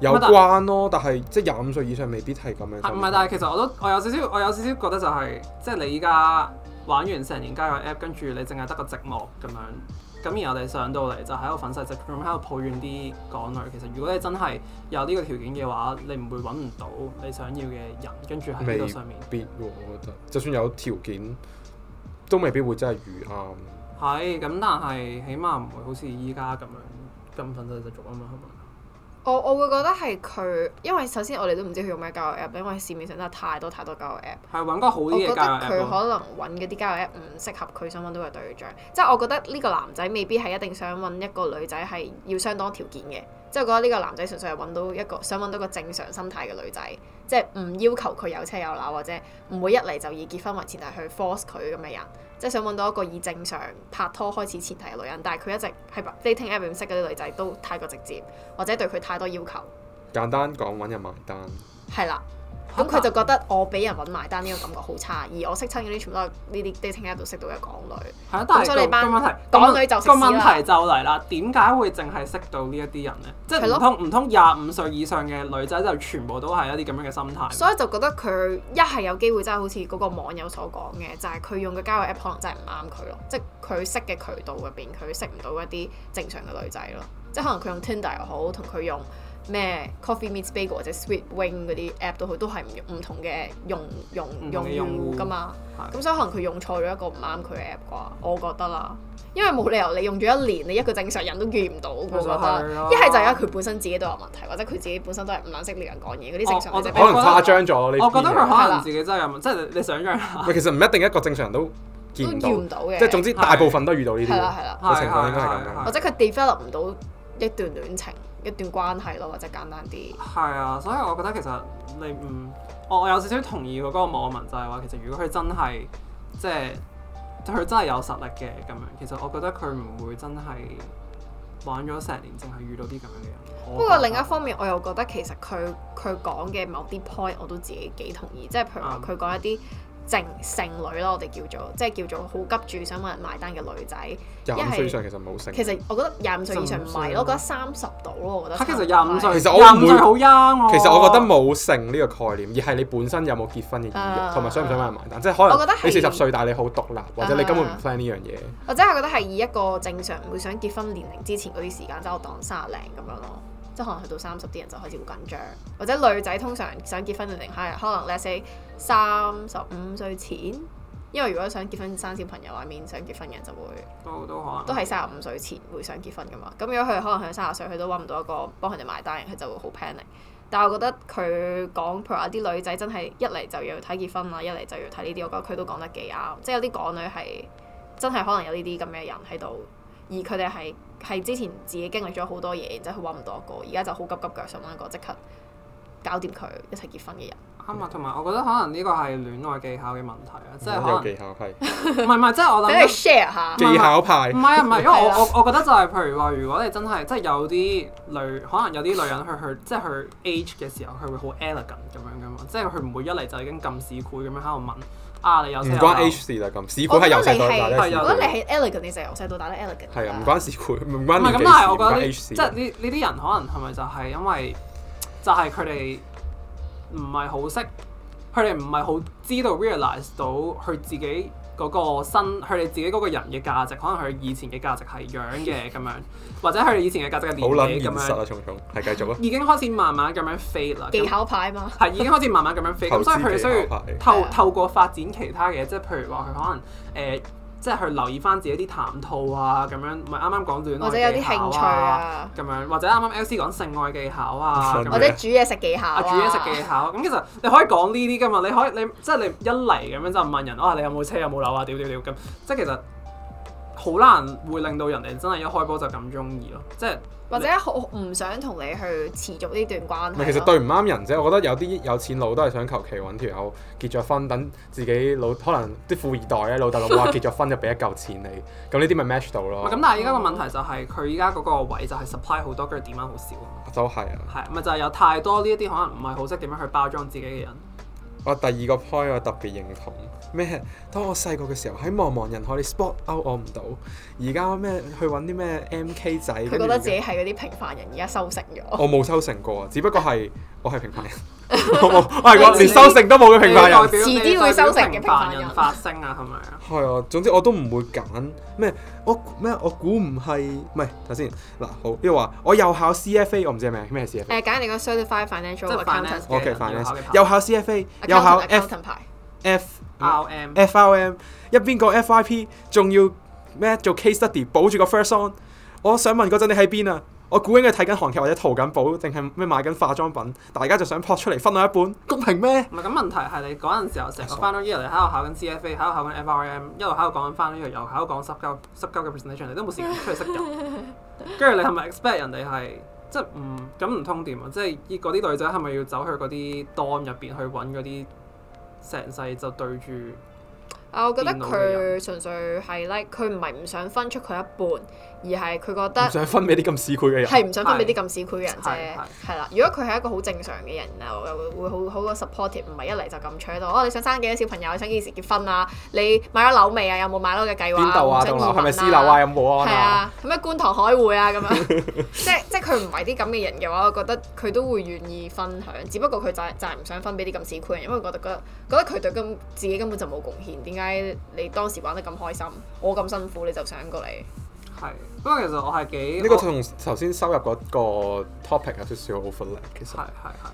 有關咯但但。但係即係廿五歲以上未必係咁樣是。唔係，但係其實我都我有少少，我有少少覺得就係、是、即係你依家。玩完成年交友 app，跟住你淨係得個寂寞咁樣，咁然後你上到嚟就喺個憤世嫉俗喺度抱怨啲港女。其實如果你真係有呢個條件嘅話，你唔會揾唔到你想要嘅人。跟住喺呢個上面，未必我覺得，就算有條件都未必會真係遇啱。係、嗯，咁，但係起碼唔會好似依家咁樣咁憤世嫉俗啊嘛，係嘛？我我會覺得係佢，因為首先我哋都唔知佢用咩交友 app，因為市面上真係太多太多交友 app。係揾個好啲嘅交友 app。我覺得佢可能揾嗰啲交友 app 唔適合佢想揾到嘅對象，即係我覺得呢個男仔未必係一定想揾一個女仔係要相當條件嘅，即我覺得呢個男仔純粹係揾到一個想揾到個正常心態嘅女仔，即係唔要求佢有車有樓或者唔會一嚟就以結婚為前提去 force 佢咁嘅人。即係想揾到一個以正常拍拖開始前提嘅女人，但係佢一直喺 dating app 入面識嗰啲女仔都太過直接，或者對佢太多要求。簡單講，揾人埋單。係啦。咁佢、嗯、但就覺得我俾人揾埋單呢個感覺好差，而我識親嗰啲全部都係呢啲 dating app 度識到嘅港女，咁、嗯、所以你班問題港女就死啦。個問題就嚟啦，點解會淨係識到呢一啲人咧？即係唔通唔通廿五歲以上嘅女仔就全部都係一啲咁樣嘅心態？所以就覺得佢一係有機會，真係好似嗰個網友所講嘅，就係、是、佢用嘅交友 app 可能真係唔啱佢咯，即係佢識嘅渠道入邊佢識唔到一啲正常嘅女仔咯，即係可能佢用 Tinder 又好，同佢用。咩 Coffee Meets Bagel 或者 Sweet Wing 嗰啲 app 都好，都係唔唔同嘅用用用用噶嘛。咁所以可能佢用錯咗一個唔啱佢嘅 app 啩，我覺得啦。因為冇理由你用咗一年，你一個正常人都遇唔到，我覺得。一係就係因為佢本身自己都有問題，或者佢自己本身都係唔能識呢啲人講嘢嗰啲正常。可能誇張咗，我覺得佢可能自己真係有，即係你想像下。唔其實唔一定一個正常人都遇唔到嘅，即係總之大部分都遇到呢啲情況應該係咁，或者佢 develop 唔到一段戀情。一段關係咯，或者簡單啲。係啊，所以我覺得其實你唔、嗯，我我有少少同意嗰個網民就係、係、話，其實如果佢真係即係佢真係有實力嘅咁樣，其實我覺得佢唔會真係玩咗成年，淨係遇到啲咁樣嘅人。不過另一方面，我又覺得其實佢佢講嘅某啲 point 我都自己幾同意，即係譬如話佢講一啲。嗯剩剩女咯，我哋叫做即係叫做好急住想揾人埋單嘅女仔。廿五歲以上其實冇剩，其實我覺得廿五歲以上唔係咯，覺得三十度咯，我覺得、啊。其實廿五歲，其實我唔會好啱。啊、其實我覺得冇剩呢個概念，而係你本身有冇結婚嘅意同、uh huh. 埋想唔想揾人埋單，即係可能你四十歲但係你好獨立，或者你根本唔 friend 呢樣嘢。Huh. Uh huh. 我真係覺得係以一個正常唔會想結婚年齡之前嗰啲時間，真、就、係、是、我當卅零咁樣咯。即係可能去到三十啲人就會開始好緊張，或者女仔通常想結婚嘅齡係可能 let's say 三十五歲前，因為如果想結婚生小朋友啊，面想結婚嘅人就會都、哦、都可能都係三十五歲前會想結婚噶嘛。咁如果佢可能喺三十歲，佢都揾唔到一個幫佢哋埋單人，佢就會好 panic。但係我覺得佢講譬如話啲女仔真係一嚟就要睇結婚啊，一嚟就要睇呢啲，我覺得佢都講得幾啱。即係有啲港女係真係可能有呢啲咁嘅人喺度，而佢哋係。係之前自己經歷咗好多嘢，然之後佢揾唔到一個，而家就好急急腳想揾一個即刻搞掂佢一齊結婚嘅人。啱啊、嗯，同埋我覺得可能呢個係戀愛技巧嘅問題啊，即係有可能技巧派，唔係唔係，即係、 [LAUGHS] 即係、我諗。俾你 share [LAUGHS] 下唔係唔係技巧派。唔係啊，唔係， [LAUGHS] 對因為我我我覺得就係，譬如話，如果你真係即係有啲女， [LAUGHS] 可能有啲女人佢去，即係去 age 嘅時候，佢會好 elegant 咁樣噶嘛，即係佢唔會一嚟就已經咁市儈咁樣喺度問。啊！你有唔關 H 四啦咁，市管係由細到大咧。如果你喺 elegant，你由細到大咧 elegant。係啊，唔關市管，唔關唔係咁，但係我覺得呢，即係呢呢啲人可能係咪就係因為就係佢哋唔係好識，佢哋唔係好知道 realize 到佢自己。嗰個新佢哋自己嗰個人嘅價值，可能佢以前嘅價值係樣嘅咁樣，或者佢哋以前嘅價值係年紀咁樣，好諗現實已經開始慢慢咁樣飛啦，技巧派嘛係已經開始慢慢咁樣飛，咁 [LAUGHS] 所以佢需要透的透過發展其他嘅，即係譬如話佢可能誒。呃即係去留意翻自己啲談吐啊，咁樣咪啱啱講有啲興趣啊，咁樣或者啱啱 L C 講性愛技巧啊，或者煮嘢食技巧、啊啊、煮嘢食技巧。咁 [LAUGHS] 其實你可以講呢啲噶嘛，你可以你即係你一嚟咁樣就問人，我、啊、你有冇車有冇樓啊？屌屌屌咁，即係其實。好難會令到人哋真係一開波就咁中意咯，即係或者好唔想同你去持續呢段關係。唔係，其實對唔啱人啫。我覺得有啲有錢佬都係想求其揾條友結咗婚，等自己老可能啲富二代咧，老豆老母話結咗婚就俾一嚿錢你。咁呢啲咪 match 到咯。咁 [LAUGHS] 但係依家個問題就係佢依家嗰個位就係 supply 好多跟住點樣好少啊。就係啊。係咪就係有太多呢一啲可能唔係好識點樣去包裝自己嘅人？我、啊、第二個 point 我特別認同。咩？當我細個嘅時候喺茫茫人海，你 spot out 我唔到。而家咩去揾啲咩 M K 仔？佢覺得自己係嗰啲平凡人，而家收成咗。我冇收成過，只不過係我係平凡人，我係個連收成都冇嘅平凡人。遲啲會收成嘅平凡人發聲啊？係咪啊？係啊，總之我都唔會揀咩。我咩？我估唔係唔係睇先嗱好。即係話我又考 C F A，我唔知係咩咩事。誒，揀你個 Certified Financial 我 c 又考 C F A，又考 F。F.R.M. 一邊個 FYP 仲要咩做 case study 保住個 first on。我想問嗰陣你喺邊啊？我估應該睇緊韓劇或者淘緊寶，定係咩買緊化妝品？大家就想 po 出嚟分到一半公平咩？唔係咁問題係你嗰陣時候成個 final year 你喺度考緊 C.F.A. 喺度考緊 F.R.M. 一路喺度講緊翻依度，又喺度講 sub 交 sub 交嘅 presentation，你都冇時間出去識人。跟住你係咪 expect 人哋係即係唔咁唔通點啊？即係嗰啲女仔係咪要走去嗰啲 dom 入邊去搵嗰啲？成世就對住，啊！我覺得佢純粹係 Like，佢唔係唔想分出佢一半。而係佢覺得想分俾啲咁市儈嘅人，係唔想分俾啲咁市儈嘅人啫，係啦是。如果佢係一個好正常嘅人，又會好好個 supportive，唔係一嚟就咁扯到。哦，你想生幾多小朋友，你想幾時結婚啊？你買咗樓未啊？有冇買樓嘅計劃啊？邊度啊？係咪私樓啊？有冇啊？係啊，咁咩觀塘海匯啊？咁 [LAUGHS] 樣， [LAUGHS] 即即佢唔係啲咁嘅人嘅話，我覺得佢都會願意分享。只不過佢就係就係唔想分俾啲咁市儈人，因為覺得覺得覺得佢對自己根本就冇貢獻。點解你當時玩得咁開心，我咁辛苦你就想過嚟？係。不過其實我係幾呢個同頭先收入嗰個 topic 有少少好 overlap 其實係係係，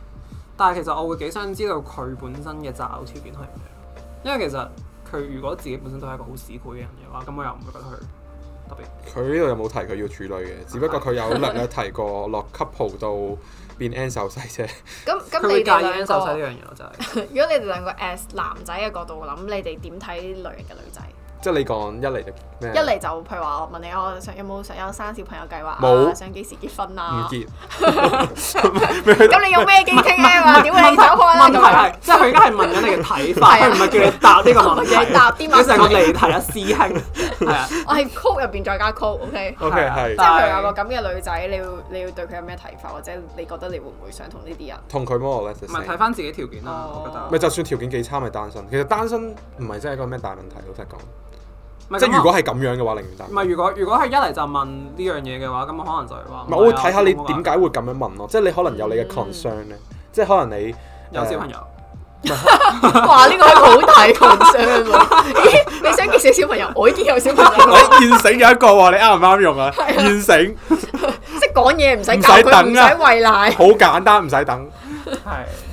但係其實我會幾想知道佢本身嘅擇偶條件係咩？因為其實佢如果自己本身都係一個好市儈嘅人嘅話，咁我又唔會覺得佢特別。佢呢度有冇提佢要處女嘅？只不過佢有能夠提過 [LAUGHS] 落 couple 到變 N 手勢啫。咁咁你哋兩個手勢呢樣嘢我就， [LAUGHS] 如果你哋兩個 as 男仔嘅角度諗，我你哋點睇呢類型嘅女仔？即係你講一嚟就咩一嚟就譬如話，我問你，我想有冇想有生小朋友計劃？冇。想幾時結婚啊？唔結。咁你用咩機傾啊？嘛，點會你想開啦？即係佢而家係問緊你嘅睇法，唔係叫你答呢個問題，答啲問。你成個離題啊，師兄。係啊，我係曲入邊再加曲，OK。OK 係。即係佢有個咁嘅女仔，你要你要對佢有咩睇法，或者你覺得你會唔會想同呢啲人？同佢麼？唔係睇翻自己條件啦，我覺得。咪就算條件幾差，咪單身。其實單身唔係真係一個咩大問題老實講。即係如果係咁樣嘅話，寧願就唔係。如果如果係一嚟就問呢樣嘢嘅話，咁我可能就係話。唔係，我會睇下你點解會咁樣問咯。即係你可能有你嘅 concern 咧。即係可能你有小朋友。哇！呢個係好大 concern 喎。你想結識小朋友？我已經有小朋友，現成有一個喎。你啱唔啱用啊？現成。即係講嘢唔使等，唔使餵奶。好簡單，唔使等。係。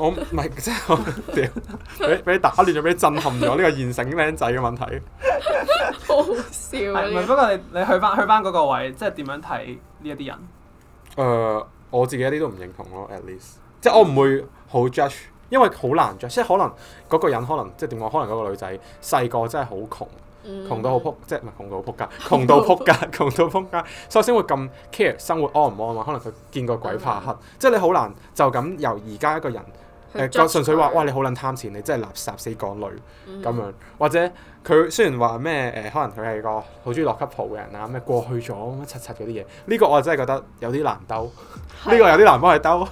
我唔係即係我屌，俾俾你打亂咗，俾你震撼咗呢個現成靚仔嘅問題。好笑啊！唔係不過你你去翻去翻嗰個位，即係點樣睇呢一啲人？誒，我自己一啲都唔認同咯。At least，即係我唔會好 judge，因為好難 judge。即係可能嗰個人，可能即係點講？可能嗰個女仔細個真係好窮，窮到好撲，即係唔係窮到撲街，窮到撲街，窮到撲街，所以先會咁 care 生活安唔安嘛？可能佢見過鬼怕黑，即係你好難就咁由而家一個人。誒、呃，純粹話哇！你好撚貪錢，你真係垃圾死港女咁樣、嗯或呃，或者佢雖然話咩誒，可能佢係個好中意落級蒲嘅人啦，咩過去咗，乜柒柒嗰啲嘢，呢、呢個我真係覺得有啲難兜，呢、啊、個有啲難幫佢兜，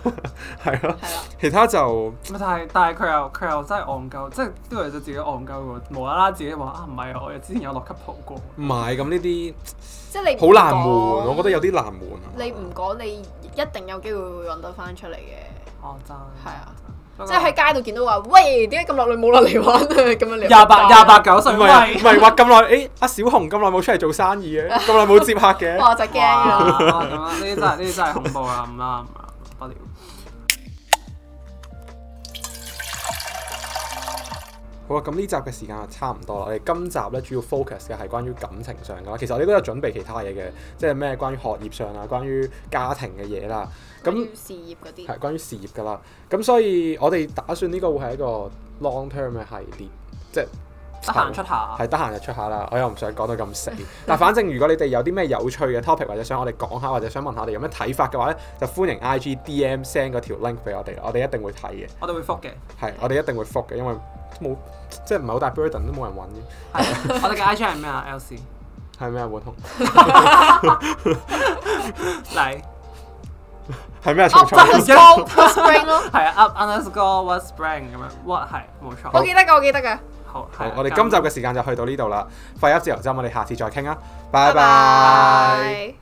係咯、 [LAUGHS] 啊。啊、其他就，但係但係佢又佢又真係戇鳩，即係都係就係就係、自己戇鳩嘅無啦啦自己話啊唔係、啊，我之前有落級蒲過。唔係咁呢啲，啊嗯、即係你好難換，我覺得有啲難換啊。你唔講，你一定有機會揾到翻出嚟嘅。哦，真係，啊。即係喺街度見到話，喂，點解咁耐你冇落嚟玩啊？咁樣廿八廿八九歲，唔係唔係話咁耐，誒、啊，阿、啊欸、小紅咁耐冇出嚟做生意嘅，咁耐冇接客嘅。 [LAUGHS] 我就驚啦！呢啲真係呢啲真係恐怖啊！唔啱，唔好啊，咁呢集嘅時間就差唔多啦。我哋今集咧主要 focus 嘅係關於感情上噶啦。其實我哋都有準備其他嘢嘅，即係咩關於學業上啊，關於家庭嘅嘢啦。咁，係那關於事業噶啦，咁所以我哋打算呢個會係一個 long term 嘅系列，即係得閒出下，係得閒就出下啦。我又唔想講到咁死， [LAUGHS] 但反正，如果你哋有啲咩有趣嘅 topic，或者想我哋講下，或者想問下我哋有咩睇法嘅話咧，就歡迎 I G D M send 嗰條 link 俾我哋，我哋一定會睇嘅。我哋會覆嘅，係我哋一定會覆嘅，因為冇即係唔係好大 burden，都冇人揾嘅。係 [LAUGHS] 我哋嘅 I G 係咩啊？L C，係咩啊？伯通， [LAUGHS] [LAUGHS] 來係咩啊 up underscore what spring 咁樣，what 係冇錯，我記得噶，我記得噶。好，好，啊、我哋今集嘅時間就去到呢度啦，快一自由周，我哋下次再傾啊，拜拜。